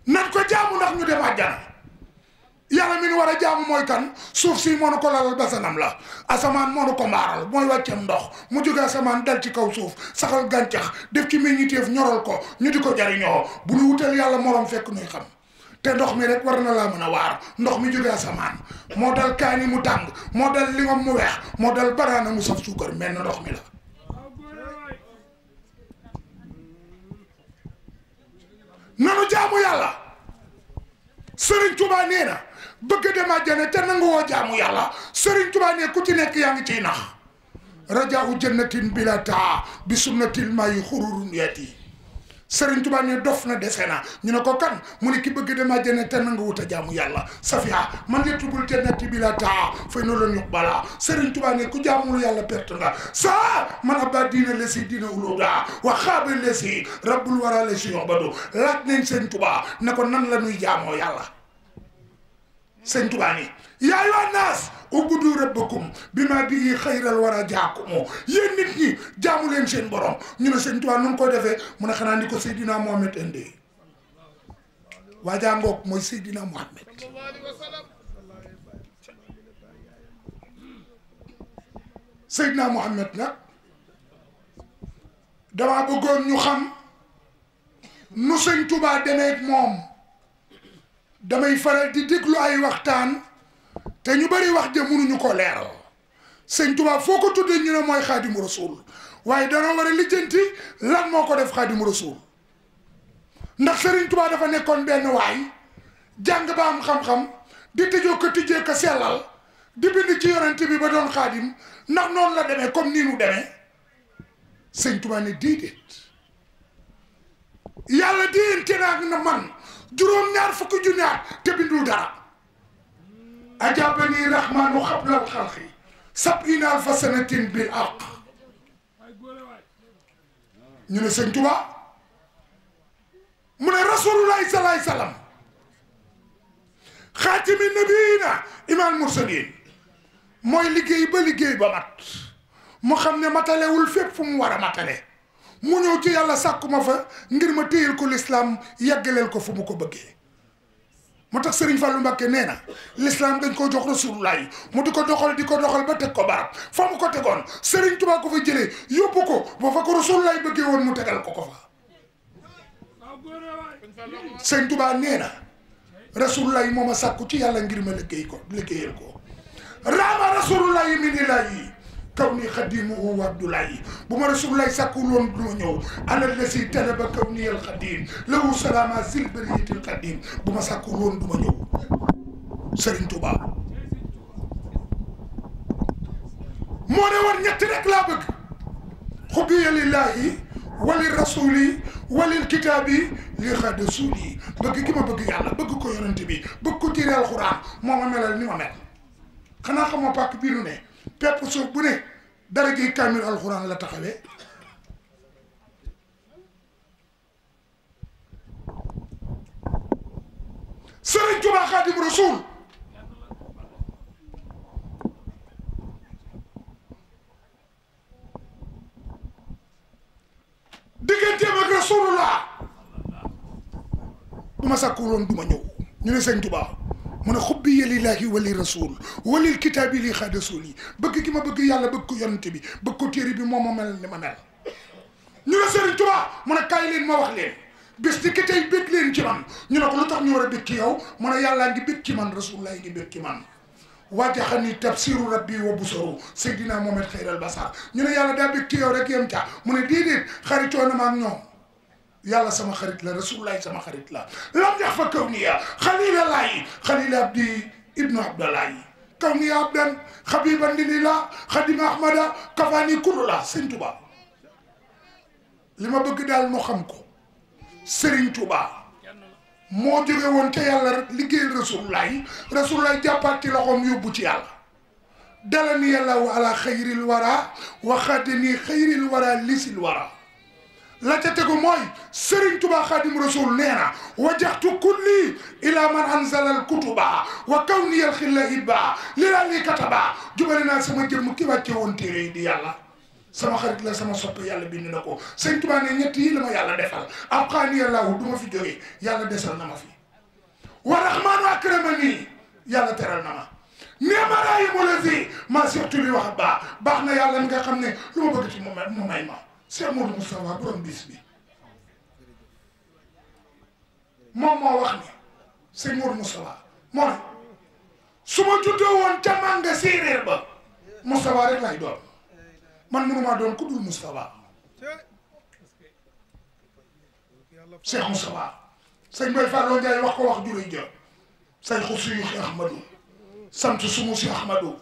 nan ko jaamu ndax ñu dem àjjana yàlla mi ñu war a jaamu mooy kan suuf si moo nu ko lalal basanam la asamaan moo nu ko mbaaral mooy wàccam ndox mu jóge asamaan dal ci kaw suuf saxal gàncax def ci meññiteef ñoral ko ñu di ko jariñoo bu ñu wutal yàlla moroom fekk nuy xam te ndox mi rek war na laa mën a ndox mi jóge asamaan mo dal kani mu tang mo dal limoom mu weex mo dal barana mu saf sukar mel ndox mi la nanu jaamu yalla Serigne Touba neena na bëgg dem jëne te nangu wo jaamu yalla Serigne Touba ne ku ci nek yaa ngi nax raja'u jannatin bila ta bi sunnatil maayi yati Serigne Touba ne dof na dese naa ñu ne ko kan mu ne ki bëgg dem àjjana te nanga wut a jaamu yàlla Safia man la tubul te natti bi la taa fay noo loon yox balaa Serigne Touba ne ku jaamul yàlla perte nga saa man abba diina lesi diina ulooda wa xaaba lesi rabbul wara lesi yox badu ne ko nan la ñuy jaamoo yàlla Serigne tubaa ni yaay waa ubudu rabbakum bi maa bii xayral war yéen nit ñi jaamu leen seen borom ñu ne sëñ Tuubaa nuñ ko defee mu ne xanaa ni ko Seydina Mohamed indee waajaa moy sayidina mohammed Mohamed Seydina Mohamed nag damaa bëggoon ñu xam nu sëñ Tuubaa demee moom damay faral di déglu ay waxtaan. té ñu bari wax jë mënuñu ko leeral sëñ tuba foko tuddé ñu né moy khadim rasuul waaye da na wara lijeenti lan moko def khadim rasuul ndax sëñ tuba dafa nékkon benn way jang ba am xam-xam di tejo ko tijé ko sélal di bind ci yonent bi ba doon khadim ndax non la démé comme ni ñu démé sëñ tuba né déedéet yalla déente naa na man juróom-ñaar fukk juñaar te bindul dara أجابني الرحمن قبل الخلق سبعين ألف سنة بالأق نحن سنتوا من رسول الله صلى الله عليه وسلم خاتم النبيين إمام المرسلين موي ليغي با ليغي با مات مو خامني ماتالي وول فيب فوم ورا ماتالي مو نيو تي يالا ساكوما فا غير ما تيل كو الاسلام ياغلل كو فوم كو بوغي moo tax Serigne Fallou Mbacké nee na l'islam dañ ko jox rasulullah yi mu di ko doxal di ko doxal ba teg ko barab fa mu ko tegoon Serigne Touba ko fa jëlee yóbbu ko boo fa ko rasulullah yi bëggee woon mu tegal ko ko fa Serigne Touba nee na rasulullah yi moom a sàkku ci yàlla ngir ma liggéey ko liggéeyal ko raama rasulullah yi min ilaahi كوني خديمه هو الدولاي بما رسول الله سكولون دونيو أنا الذي تلب كوني الخديم له سلامة سلبرية القديم بما سكولون دونيو سرين توبا مونا ورنيت لك خبي لله وللرسول وللكتاب لخد سولي بك كما بك يالا بك كو يونتي بي بك تيري القران موما ملال ني ومل خنا pepp suuf bu ne dara gi kaamil alxuraan la taxawee sëriñ Tuubaa Xaadimu Rasuul digganteem ak Rasulullah bu ma sàkkuloon du ma ñëw ñu ne sëriñ Tuubaa من خبي لله ولرسول وللكتاب لي خادسوني بك كيما بك يالا بك يونتي بي بك تيري بي موما مال ما نال ني لا سيرن توبا من كاي لين ما واخ لين بس دي كتاي بيك لين تي مان ني نكو لو تخ ني ورا بيك ياو من يالا غي بيك مان رسول الله غي بيك مان واجهني تفسير ربي وبصره سيدنا محمد خير البصر ني يالا دا بيك ياو رك يمتا من ديديت خريتو نما نيوم yalla sama xarit la rasulullah sama xarit la lam jax fa kaw niya xalila abdi ibnu abdalayi kaw niya abdan khabiban dini khadim ahmada kafani kullu serigne touba lima bëgg dal mo xam ko serigne touba mo joge won te yalla rek liggey rasulullah rasulullah jàppaat ci loxoom ci yalla dalani yalla wa ala khairil wara wa xadini khairil wara lisil wara لا تتقوا موي سرين توبا خادم رسول نينا وجهت كل إلى من أنزل الكتب وكوني الخلاء إبا للي كتبا جبالنا سما جرم كيبا كيون تيري دي الله سما خارج لا سما صب يالا بيني نكو سرين توبا نينيتي لما يالا دفال أبقاني الله ودوما في جوي يالا دسال نما في ورحمن أكرمني يالا ترال نما نعم رأي مولزي ما سيبتولي وحبا بحنا يالا نغا خمني لما بغتي مما يما Cheikh Modou Moustapha borom bis bi moom moo wax ne Cheikh Modou Moustapha moo ne su ma juddoo woon ca ba Moustapha rek lay doon man mënumaa doon ku dul Moustapha Cheikh Moustapha sëñ Boy Fallou Ndiaye wax ko wax juróomi jëm say xusu yu Ahmadou sant sumu si Ahmadou.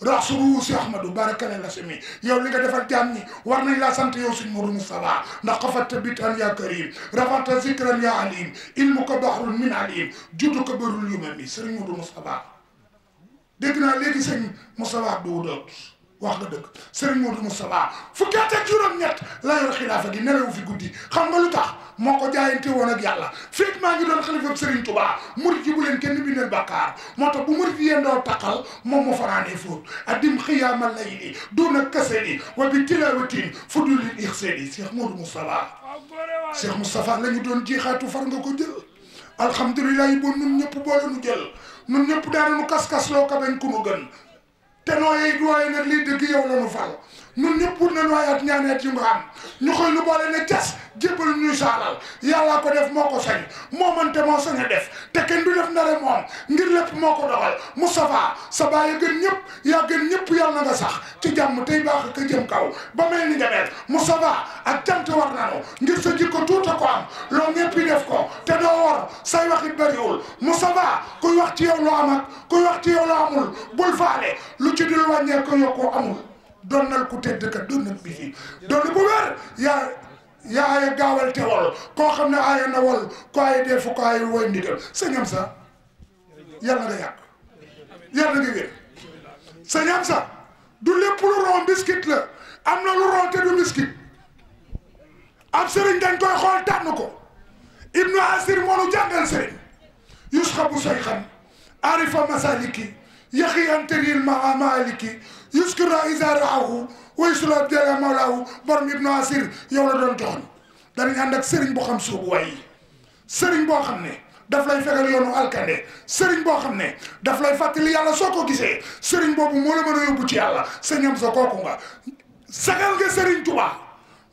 rasulu si ahmadu barakale la semi yow li nga defal jaam ñi war nañ laa sant yow suñ Mourou Moustapha ndax xafatta bitan ya karim rafata zikran ya alim ilmu ko bahrun min alim juddu ko bërul yu ma mi sëriñ Mourou Moustapha dégg naa léegi sëñ Moustapha du doot wax nga dëgg sëriñ Mourou Moustapha fukki at ak juróom-ñett la yor xilaafa gi nelewu fi guddi xam nga lu tax moo ko jaayante woon ak yàlla fekk maa ngi doon xalifa Serigne Touba murit yi bu leen kenn bindal bàkkaar moo tax bu murit yee ndoo taqal moom ma fanaanee fóot addim xiyaama layli duuna kasali wa bi tilawatin fudulil ixsali Cheikh Modou Moustapha Cheikh Moustapha la ñu doon jeexaatu far nga ko jël alhamdulilah yi bon nun ñëpp boole nu jël nun ñëpp daana nu kas-kas loo ko bañ ku nu gën te nooyey duwaaye nag lii dëgg yow la nu fal ñun ñëpp wut nañu waaye at ñaaneet yu nga am ñu xëy lu boole ne cas jébbal ñuy saalal yàllaa ko def moo ko sañ moo mënte moo sañ a def te kenn du def ndare moom ngir lépp moo ko doxal Moustapha sa baay gën ñëpp yaa gën ñëpp yàlla na nga ka jëm kaw ba mel ni nga mel Moustapha ak jant war nanu ngir sa jikko tuuta ko am loo ñëpp def ko te doo war say waxit bariwul Moustapha kuy wax ci yow loo am ak kuy wax ci yow loo amul bul faale lu ci dul wàññee ko yokkoo amul donnal ku tedd ka donnal bii donn bu wér yaa yaa aye gaawal te wol koo xam ne aye na wol ko aye dee fu ko aye woy ndigal sëñam sa yàlla nga yàq yàlla nga wér sëñam sa du lépp lu ron biscuit la am na lu ron te du biscuit ab sëriñ dañ koy xool tànn ko ibnu asir moo nu jàngal sëriñ yus xa bu xam arifa masaliki يا اخي انتري مع مالك يسكر اذا رعه ويسلب ديال مولاه برمي ابن عسير يا ولد الجهل داني عندك سيرين بو خم سوق واي سيرين بو خم ني داف لاي فغال يونو الكاني سيرين بو خم ني داف لاي فاتل يالا سوكو غيسي سيرين بوبو مولا مانو يوبو تي يالا سنيام سوكو كونغا سغال غي سيرين توبا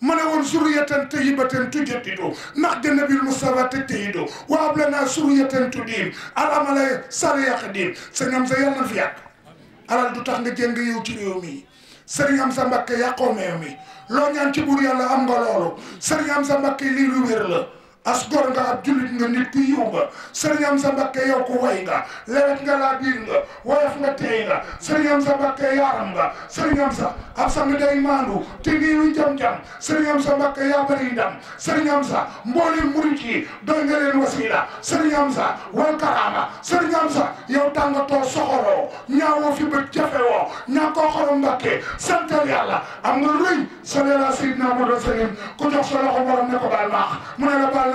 ma ne woon suriyatan tayyibatan tujaddidu nahja nabil mustafa tajtahidu wa ablana suriyatan tudim alamala sariyaq dim sëñ am sa yàlla fi yàq alal du tax nga jënd yow ci réew mi sëriñ am sa mbàkke yàqoo loo ñaan ci buur yàlla am nga loolu sëriñ sa mbàkke lii lu wér la as gor nga ab jullit nga nit ku yiw nga sëriñ Amsa Mbakke yow ko way nga lewet nga laa biir nga woyof nga teey nga sëriñ Amsa Mbakke yaaram nga sëriñ Amsa ab sang day maandu doy nga leen wasiila sëriñ Amsa wal karaama sëriñ Amsa yow tàngatoo soxoroo ñaawoo fi ba jafewoo ñàkkoo xorom Mbakke santal yàlla am nga luy sa leela Seydina Muhammad sëriñ ku jox sa loxo borom ne ko baal maax mu ne la baal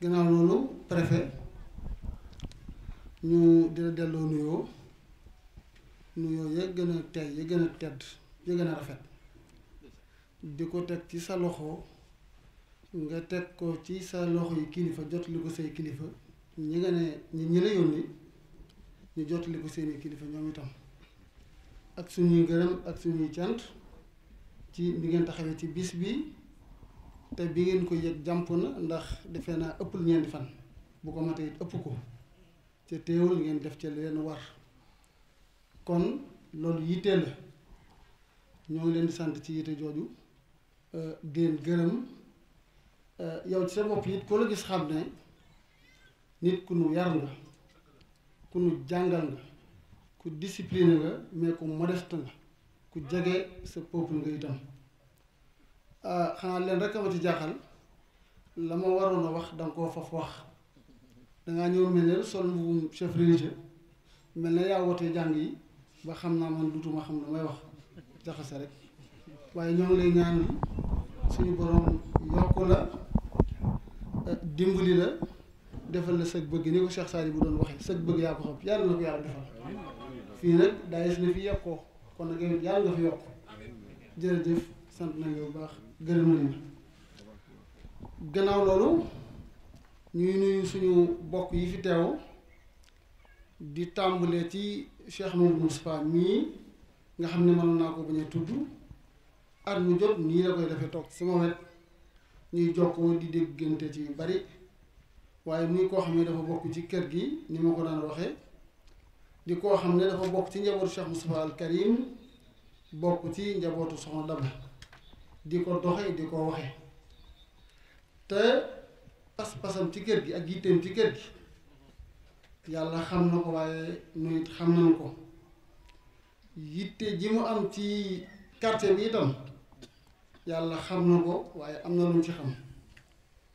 ginnaaw loolu préfet ñu dina delloo nuyoo nuyoo ya gën a tey ya gën a tedd ya gën a rafet di ko teg ci sa loxo nga teg ko ci sa loxo yi kilifa jot say kilifa ñi nga ne ñi ñi la yónni ñu jot seeni kilifa ñoom itam ak suñuy gërëm ak suñuy cant ci ni ngeen taxawee ci bis bi te bi ngeen ko yëg jàmp na ndax defe naa ëppul ñeenti fan bu ko matee ëpp ko te teewul ngeen def ci leen war kon loolu yitte la ñoo ngi leen di sant ci yitte jooju euh, di leen gërëm euh, yow ci sa bopp it ku la gis xam ne nit ku nu yar nga ku nu jàngal nga ku discipline nga mais ku modeste nga ku jege sa peuple nga itam xanaa leen rek ma ci jaaxal la ma waroon a wax danga koo faf wax dangaa ñëw mel sol mbubum chef religieux mel na yaa wootee jàng yi ba xam naa man dutuma xam lu may wax jaxase rek waaye ñoo ngi lay ñaan suñu borom yokk la eh, dimbali la defal la sag bëgg ni ko Cheikh Sadio bu doon waxee sag bëgg yaa ko xam yàlla na ko yàlla defal fii nag daayis na fi yokkoo kon nag yàlla nga fi yokk jërëjëf sant nañ bu baax gërëm leen gannaaw loolu ñuy nuyu suñu bokk yi fi teew di tàmbale ci Cheikh Mamadou Moustapha mii nga xam ne mën naa ko bañ a tudd at mu jot nii la koy defee toog sama wet ñuy jokkoo di déggante ci bari waaye muy koo xam ne dafa bokk ci kër gi ni ma ko daan waxee di koo xam ne dafa bokk ci njabootu Cheikh Moustapha al bokk ci njabootu Soxna Daba di ko doxe di ko waxe te pas-pasam ci kër gi ak yitteem ci kër gi yàlla xam na ko waaye nu it xam nañu ko yitte ji mu am ci quartier bi itam yàlla xam na ko waaye am na lu mu ci xam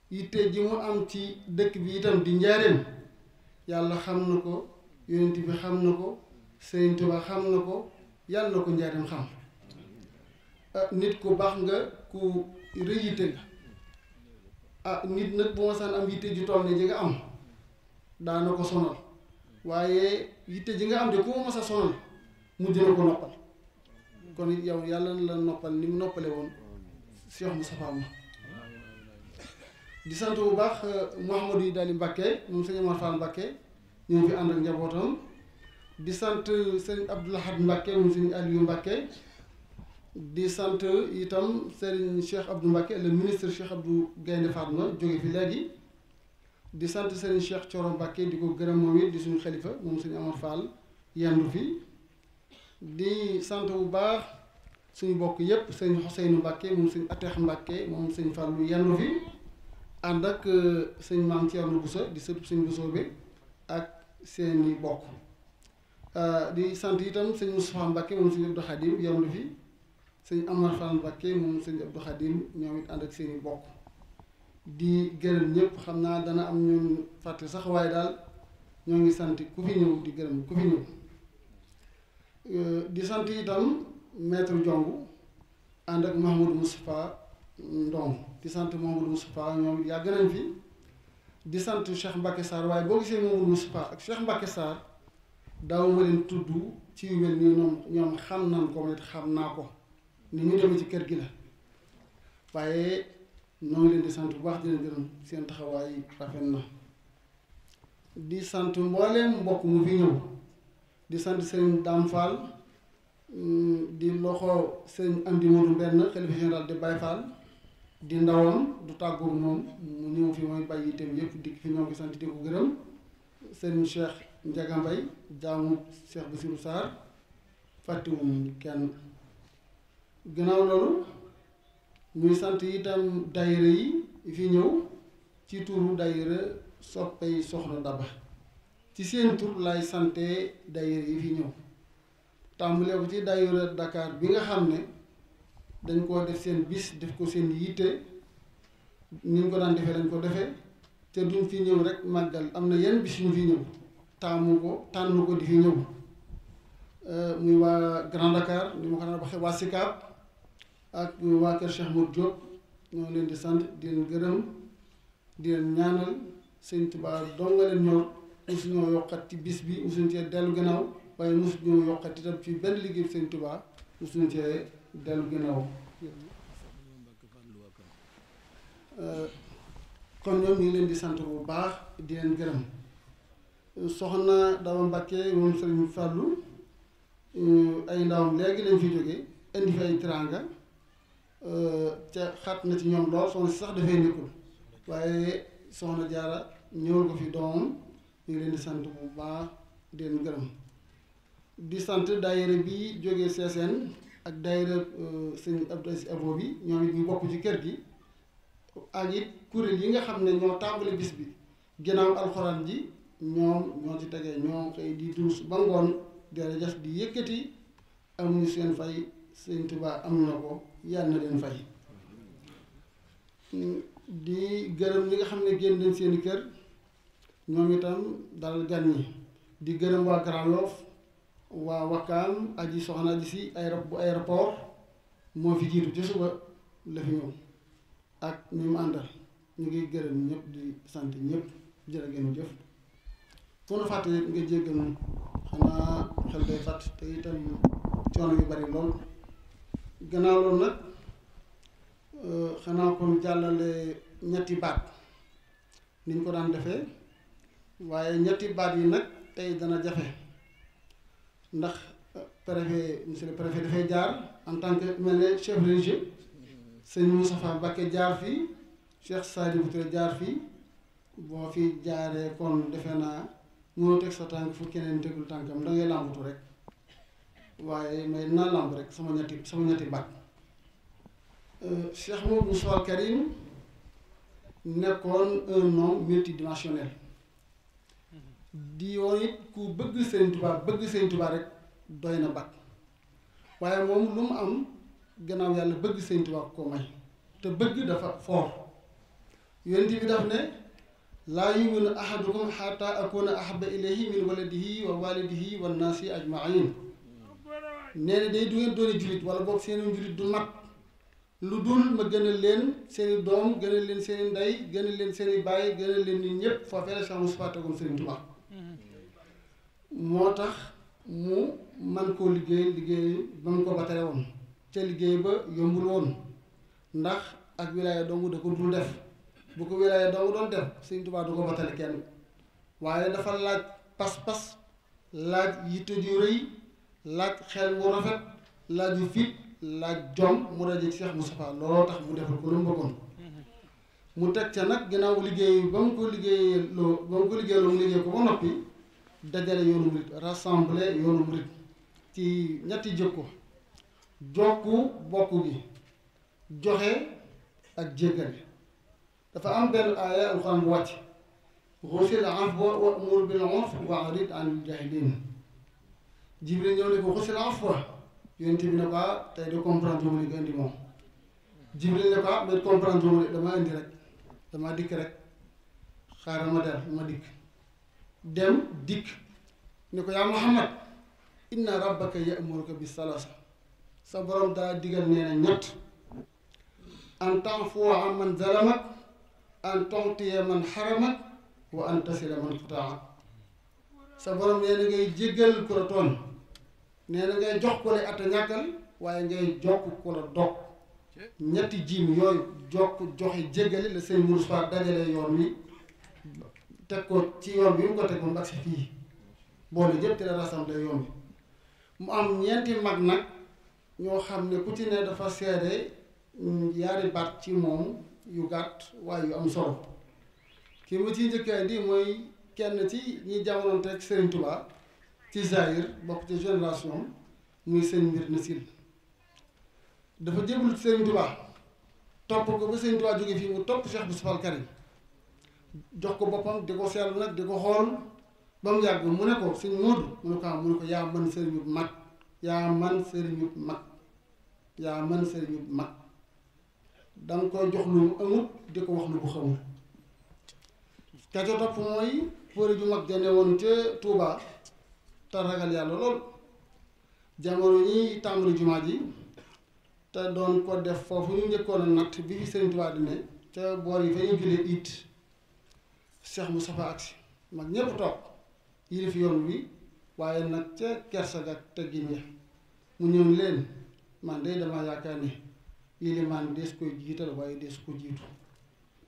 yitte ji mu am ci dëkk bi itam di njaareem yàlla xam na ko yonent bi xam na ko Sëriñ Tuubaa xam na ko yàlla na ko njaareem xam Ah, nit ku baax nga ku rëyite nga ah nit nag bu ma saan am yitte ji toll ne ji nga am daana ko sonal waaye yitte ji nga am de ku ma sa sonal mu jël ko noppal kon yow yàlla na la noppal ni mu noppale woon Cheikh Moustapha ma di sant bu baax ah, Mouhamadou Idali Mbacke moom sëñ Amar Fall Mbacke ñoo fi ànd ak njabootam di sant sëñ Abdoulahad Mbacke moom sëñ Aliou Mbacke di sant itam Serigne Cheikh Abdou Mbacké le ministre Cheikh Abdou Gaynde Fatma jóge fi léegi di sant Serigne Cheikh Thioro Mbacké diko gëna gërëm di suñu khalifa mom serigne Amar Fall yendu fi di sant bu baax suñu bokk yépp Serigne Xoseynu Mbacké mom serigne Atex Mbacké mom serigne fall yendu fi ànd ak euh, suñu maam Thierno Bousso di sëtu serigne Bousso bi ak seeni bokk euh di sant itam Serigne Moustapha Mbacké mom serigne Abdou Khadim yendu fi sëñ Amar Fall Mbacké moom sëñ Abdou Khadim ñoom it ànd ak seen bokk di gërëm ñëpp xam naa dana am ñoom fàtte sax waaye daal ñoo ngi sant ku fi ñëw di gërëm ku fi ñëw euh, di sant itam maître Jong ànd ak Mahmoud Moustapha Ndong di sant Mahmoud Moustapha ñoom yàgg nañ fi di sant Cheikh Mbacké Sarr waaye boo gisee Mahmoud Moustapha ak Cheikh Mbacké Sarr daaw ma leen tudd ci yu mel nii ñoom ñoom xam nañ ko xam naa ko. ni ñu demee ci kër gi la waaye ñoo ngi leen di sant bu baax di leen gërëm seen taxawaay rafet na di sant mbooleem mbokk mu fi ñëw di sant sëriñ Dame Fall mm, di loxo sëriñ Amdi Modou benn xalifa général de Baye Fall di ndawam du tàggoog moom mu ñëw fi mooy bàyyi itam yëpp di fi ñoo ngi sant di ko gërëm sëriñ Cheikh Ndiaga Mbaye jaamu Cheikh Bassirou Sarr fàttewuñ kenn gannaaw loolu ñuy sant itam daayira yi fi ñëw ci turu daayira soppey soxna Daba ci seen tur lay sante daayira yi fi ñëw tàmbalee ko ci daayira dakaar bi nga xam ne dañ koo def seen bis def ko seen yitte ni ñu ko daan defee lañ ko defee te duñ fi ñëw rek màggal am na yenn bis ñu fi ñëw taamu ko tànn ko di fi ñëw euh, muy waa Grand Dakar ni ma ko daan waxee waa Sicap ak waa kër Cheikh Mour Diop ñoo leen di sant di leen gërëm di leen ñaanal sëñ Tuubaa dong nga ñor mosu ñoo yokkat ci bis bi mosuñ cee dellu gannaaw waaye mosu ñoo yokkat itam ci benn liggéey sëñ Tuubaa mosuñ cee euh, ñoom ñu ngi leen di sant bu baax di leen gërëm soxna Daba Mbàkke moom sëriñ Fàllu euh, ay ndawam léegi lañ fi jóge indi fi ay teraanga ca xat na ci ñoom lool soxna sax dafay nekkul waaye soxna jaara ñëwal ko fi doomam ñu ngi leen di sant bu baax di leen gërëm di sant daayira bi jóge CSN ak daayira euh, sëñ Abdou Aziz bi ñoom it ñu bokk ci kër gi ak it kuréel yi nga xam ne ñoo tàmbali bis bi ginnaaw alxuraan ji ñoom ñoo ci tegee ñoo xëy di duus ba ngoon di rajas di yëkkati amuñu seen fay sëñ Tuubaa am na ko yàlla na leen fay di gërëm ñi nga xam ne génn nañ seeni kër ñoom itam gan ñi di gërëm wa Grand wa waa Wakam aji soxna aji si aéro bu aéroport moo fi jiitu ci suba la fi ñëw ak ñu mu àndal ñu ngi gërëm ñëpp di sant ñëpp jërë ngeen jëf fu nu fàtte nga jéggal xanaa xel day fàtt te itam coono yu bari lool gannaaw loolu nag euh, xanaa kon jàllale ñetti baat ni ko daan defee waaye ñetti baat yi nag tey dana jafe ndax euh, préfet monsieur le préfet dafay jaar en tant que mel ne chef religieux sëñ Moustapha Mbacké jaar fii Cheikh Sadibou Touré jaar fii boo fi jaaree kon defe naa mënoo teg sa tànk fu keneen tegul tànkam da ngay làmbatu rek waaye may naa rek sama ñetti sama ñetti baat euh, Cheikh Mouhamadou Moustapha Al Karim nekkoon un homme multidimensionnel di woon it ku bëgg Sëriñ Tuubaa bëgg Sëriñ Tuubaa rek doy na baat waaye moom lu mu am gannaaw yàlla bëgg Sëriñ Tuubaa ko may te bëgg dafa foor yonent bi daf ne laa yuminu ahadukum xataa akuna ahaba ilayhi min waladihi wa walidihi wa naasi ajmain nee day du ngeen doone jullit wala boog seeni njullit du mat lu dul ma gënal leen seeni doom gënal leen seeni ndey gënal leen seeni bàyyi gënal leen nit ñëpp foofee la Cheikh Moustapha tegoon moo tax mu man koo liggéey liggéey man ko batale woon ca liggéey ba yombul woon ndax ak wilaaya dong da ko dul def bu ko wilaaya dong doon def Serigne Touba du ko batale kenn waaye dafa laaj pas-pas laaj yitte ju rëy laaj xel wu rafet laaj yu fit laaj jom mu daje ci Cheikh Moustapha looloo tax mu defal ko lu mu bëggoon mu teg ca nag ginnaaw liggéey ba mu ko liggéeyee loo ba mu ko liggéey loo mu liggéey ko ba noppi dajale yoonu murit rassemblé yoonu murit ci ñetti jikko jokku bokk gi joxe ak jéggale dafa am benn aaya alxuraan bu wàcc xufira anhu wa amur bil urfi wa arid anil jaahiliin jibril ñew ne ko khusul afwa yonent bi ne ko tay do comprendre mo ni nga indi moom jibril ne ko ah comprendre mo dama indi rek dama dik rek ma ma dik dem dik, ne ko ya muhammad inna rabbaka ya'muruka bis salasa sa borom da digal neena na ñett an ta'fuwa amman zalamak an tu'tiya man haramak wa an tasila man qata'a sa borom nee ngay jegal ko ton nee na ngay jox ko ne atta ñàkkal waaye ngay jokk ko la dog ñetti jiim yooyu jokk joxe jéggale la sëñ Moussa dajale yoon wi teg ko ci yoon bi mu ko teg moom ak si fii boole yëpp te la yoon bi mu am ñeenti mag nag ñoo xam ne ku ci ne dafa seede yaari baat ci moom yu gàtt waaye yu am solo kii ma ciy njëkkaay di mooy kenn ci ñi jamonoon teg Serigne Touba. ci Zahir bokk ci génération muy sëñ mbir na sil dafa jébbalu ci sëñ topp ko ba sëñ Tuubaa jóge fii mu topp Cheikh Moustapha al Karim jox ko boppam di ko seetlu nag di ko xool ba mu yàgg mu ne ko sëñ Moodu mu ne ko am ah, mu ne ko yaa man sëriñu mag yaa man sëriñu mag mag danga koy jox lu mu amut di ko wax lu bu xamul te ca topp mooy fóori ju mag ja ne woon ca Tuubaa te ragal yàlla lool jamono yi tàmbali jumaa ji te doon ko def foofu ñu njëkkoon a natt bi fi Sëriñ Tuubaa di ne ca boor yi fa ñu jullee it Cheikh Moustapha agsi mag ñépp toog yilif yoon wi waaye nag ca kersa ga teggin ya mu ñëw leen man de dama yaakaar ne yilimaan dees koy jiital waaye dees ko jiitu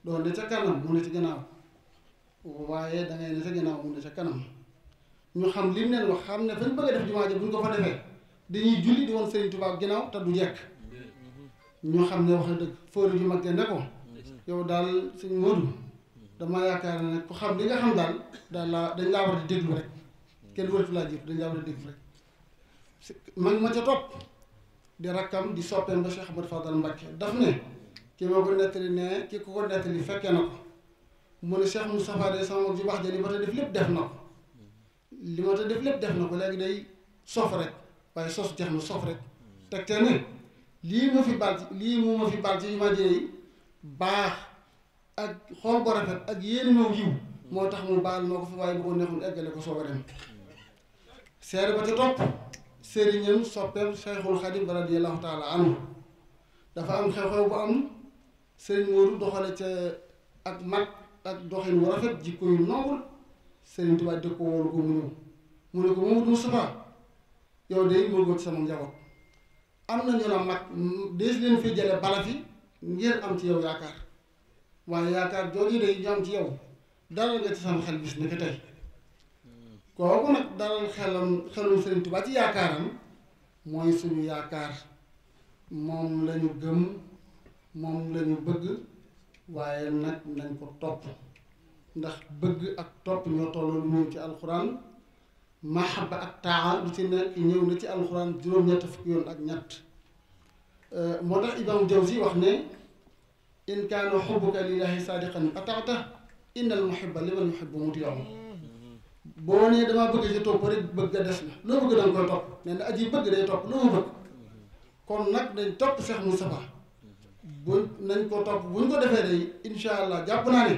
doon ne ca kanam mu ne ca gannaaw waaye dangay ne ca gannaaw mu ne ca kanam ñu xam li mu leen wax xam ne fañ bëgg a def jumaa ji buñ ko fa defee dañuy julli di woon Serigne Touba ginnaaw te du jekk ñu xam ne wax na dëgg fóori ju mag ne ko yow daal sëñ Modou dama yaakaar ne ku xam li nga xam daal daal laa dañ laa war di déglu rek kenn waratu laa jiitu dañ laa war di déglu rek mag ma ca topp di rakkam di soppeem ba Cheikh Ahmadou Fadal Mbacke daf ne ko nettali ne fekkee na ko mu ne Cheikh Moustapha de sama ju baax ja ba te def lépp def na ko li ma ta def lépp def na ko léegi day sof rek waaye sos jeex na sof rek teg te ne lii ma fi bal lii mu ma fi bal ci ma yi baax ak xool bu rafet ak yéen moom yiw moo tax mu baal moo ko fi waaye bu ko neexoon eggale ko sooga dem seere ba ca topp sëriñam soppeem Seexul Xadim radiyallaahu taala anhu dafa am xew-xew bu am sëriñ Moodu doxale ca ak mag ak doxin wu rafet jikko yu noble Sëriñ Tuubaa di ko wóolu ko mu ñëw mu ne ko yow de yóbbu ko sama njaboot am na ñu la mag dees leen fi jële bala ngir am ci yow yaakaar waaye yaakaar jooju de ñu am ci yow dalal nga ci sama xel bis ni ko tey kooku nag dalal xelum Sëriñ ci yaakaaram mooy suñu yaakaar moom lañu gëm moom lañu bëgg waaye nag nañ ko topp ndax bëgg ak topp ñoo tolloon ñëw ci alxuraan mahabba ak taaxa lu ci ne ñëw na ci alxuraan juróom-ñett fukk yoon ak ñett euh, moo tax Imaam si wax ne in kaana xubbuka lillaahi saadiqan ataata innal muhibba liman yuhibbu mutii'u boo nee damaa bëgg ci topp rek bëgg a des na loo bëgg danga koy topp nee na aji bëgg day topp loo mu bëgg kon nag dañ topp Cheikh Moustapha bu nañ ko topp buñ ko defee day incha allah jàpp naa ne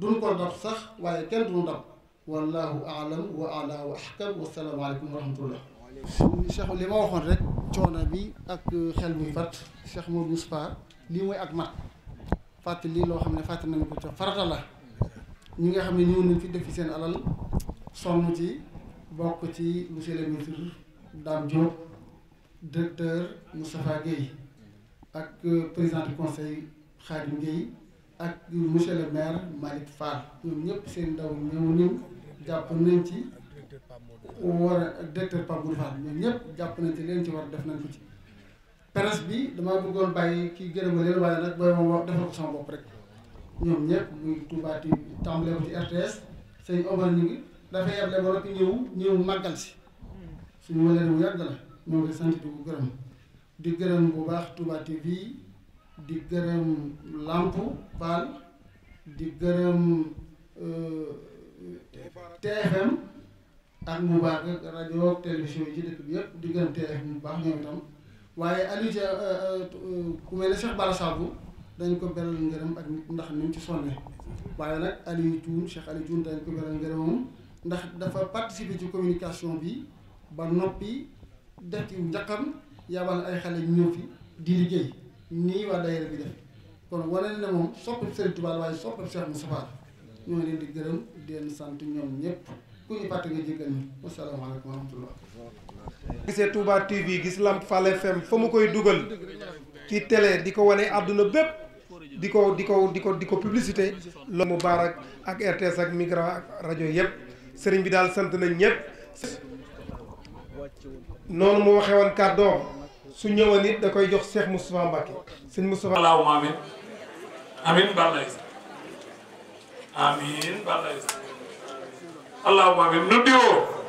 دون كل ضرب صح ولكن دون ضرب والله أعلم وأعلى وأحكم والسلام عليكم ورحمة الله شيخ اللي ما هو خنرك جونا بي أك خل مفرد شيخ مو بوسبا ليه وياك ما فات لي لو خمن فات من كتر فرق الله نيجي خمن يو نفيد في سن الله صنوتي بوكتي مسلم مثل دام جو دكتور مصطفى جي أك رئيس الكونسي خادم جي ak monsieur le maire Malick Fall ñoom ñëpp seen ndaw ñëw nañ jàpp nañ ci war a directeur Pape Modou Fall ñoom ñëpp jàpp nañ ci leen ci war def nañ ko ci presse bi damaa bëggoon bàyyi kii gërëma leen waaye nag booy moom wax defal ko sama bopp rek ñoom ñëpp muy Touba TV tàmbale ko ci RTS sëñ Omar ñu ngi dafay yable ba noppi ñëw ñëw màggal si suñu ma leen mu yàgg la ñoo ngi sant di ko gërëm di gërëm bu baax Touba TV di gërëm làmp baal di gërëm euh, TFM ak mu baax rajo télévision yi ci dëkk bi yëpp di gërëm TFM bu baax ñoom itam waaye Aliou Dia euh, euh, ku mel ne Cheikh Bara Sabou dañ ko beral ngërëm ak nit ndax ni mu ci sonne waaye nag Aliou Diouf Cheikh Aliou Diouf dañ ko beral ngërëmam ndax dafa participer ci communication bi ba noppi def ci njaqam yabal ay xale ñu ñëw fi di liggéey. nii waa daayira bi def kon wane na moom soppab Serigne Touba waaye soppab sant ñoom ñëpp ku ñu fàtte gis Lamp Fall FM fa mu koy dugal ci di ko wane àdduna bépp di ko di ko di ko di ko publicité loolu Moubarak ak RTS Migra ak rajo yëpp sëriñ bi daal sant nañ ñëpp noonu mu waxee woon kàddoom su ñëwoon it da koy jox Cheikh Moustapha Mbacké sëñ Moustapha allahumma amin amin balay amin balay allahumma amin nu diwoo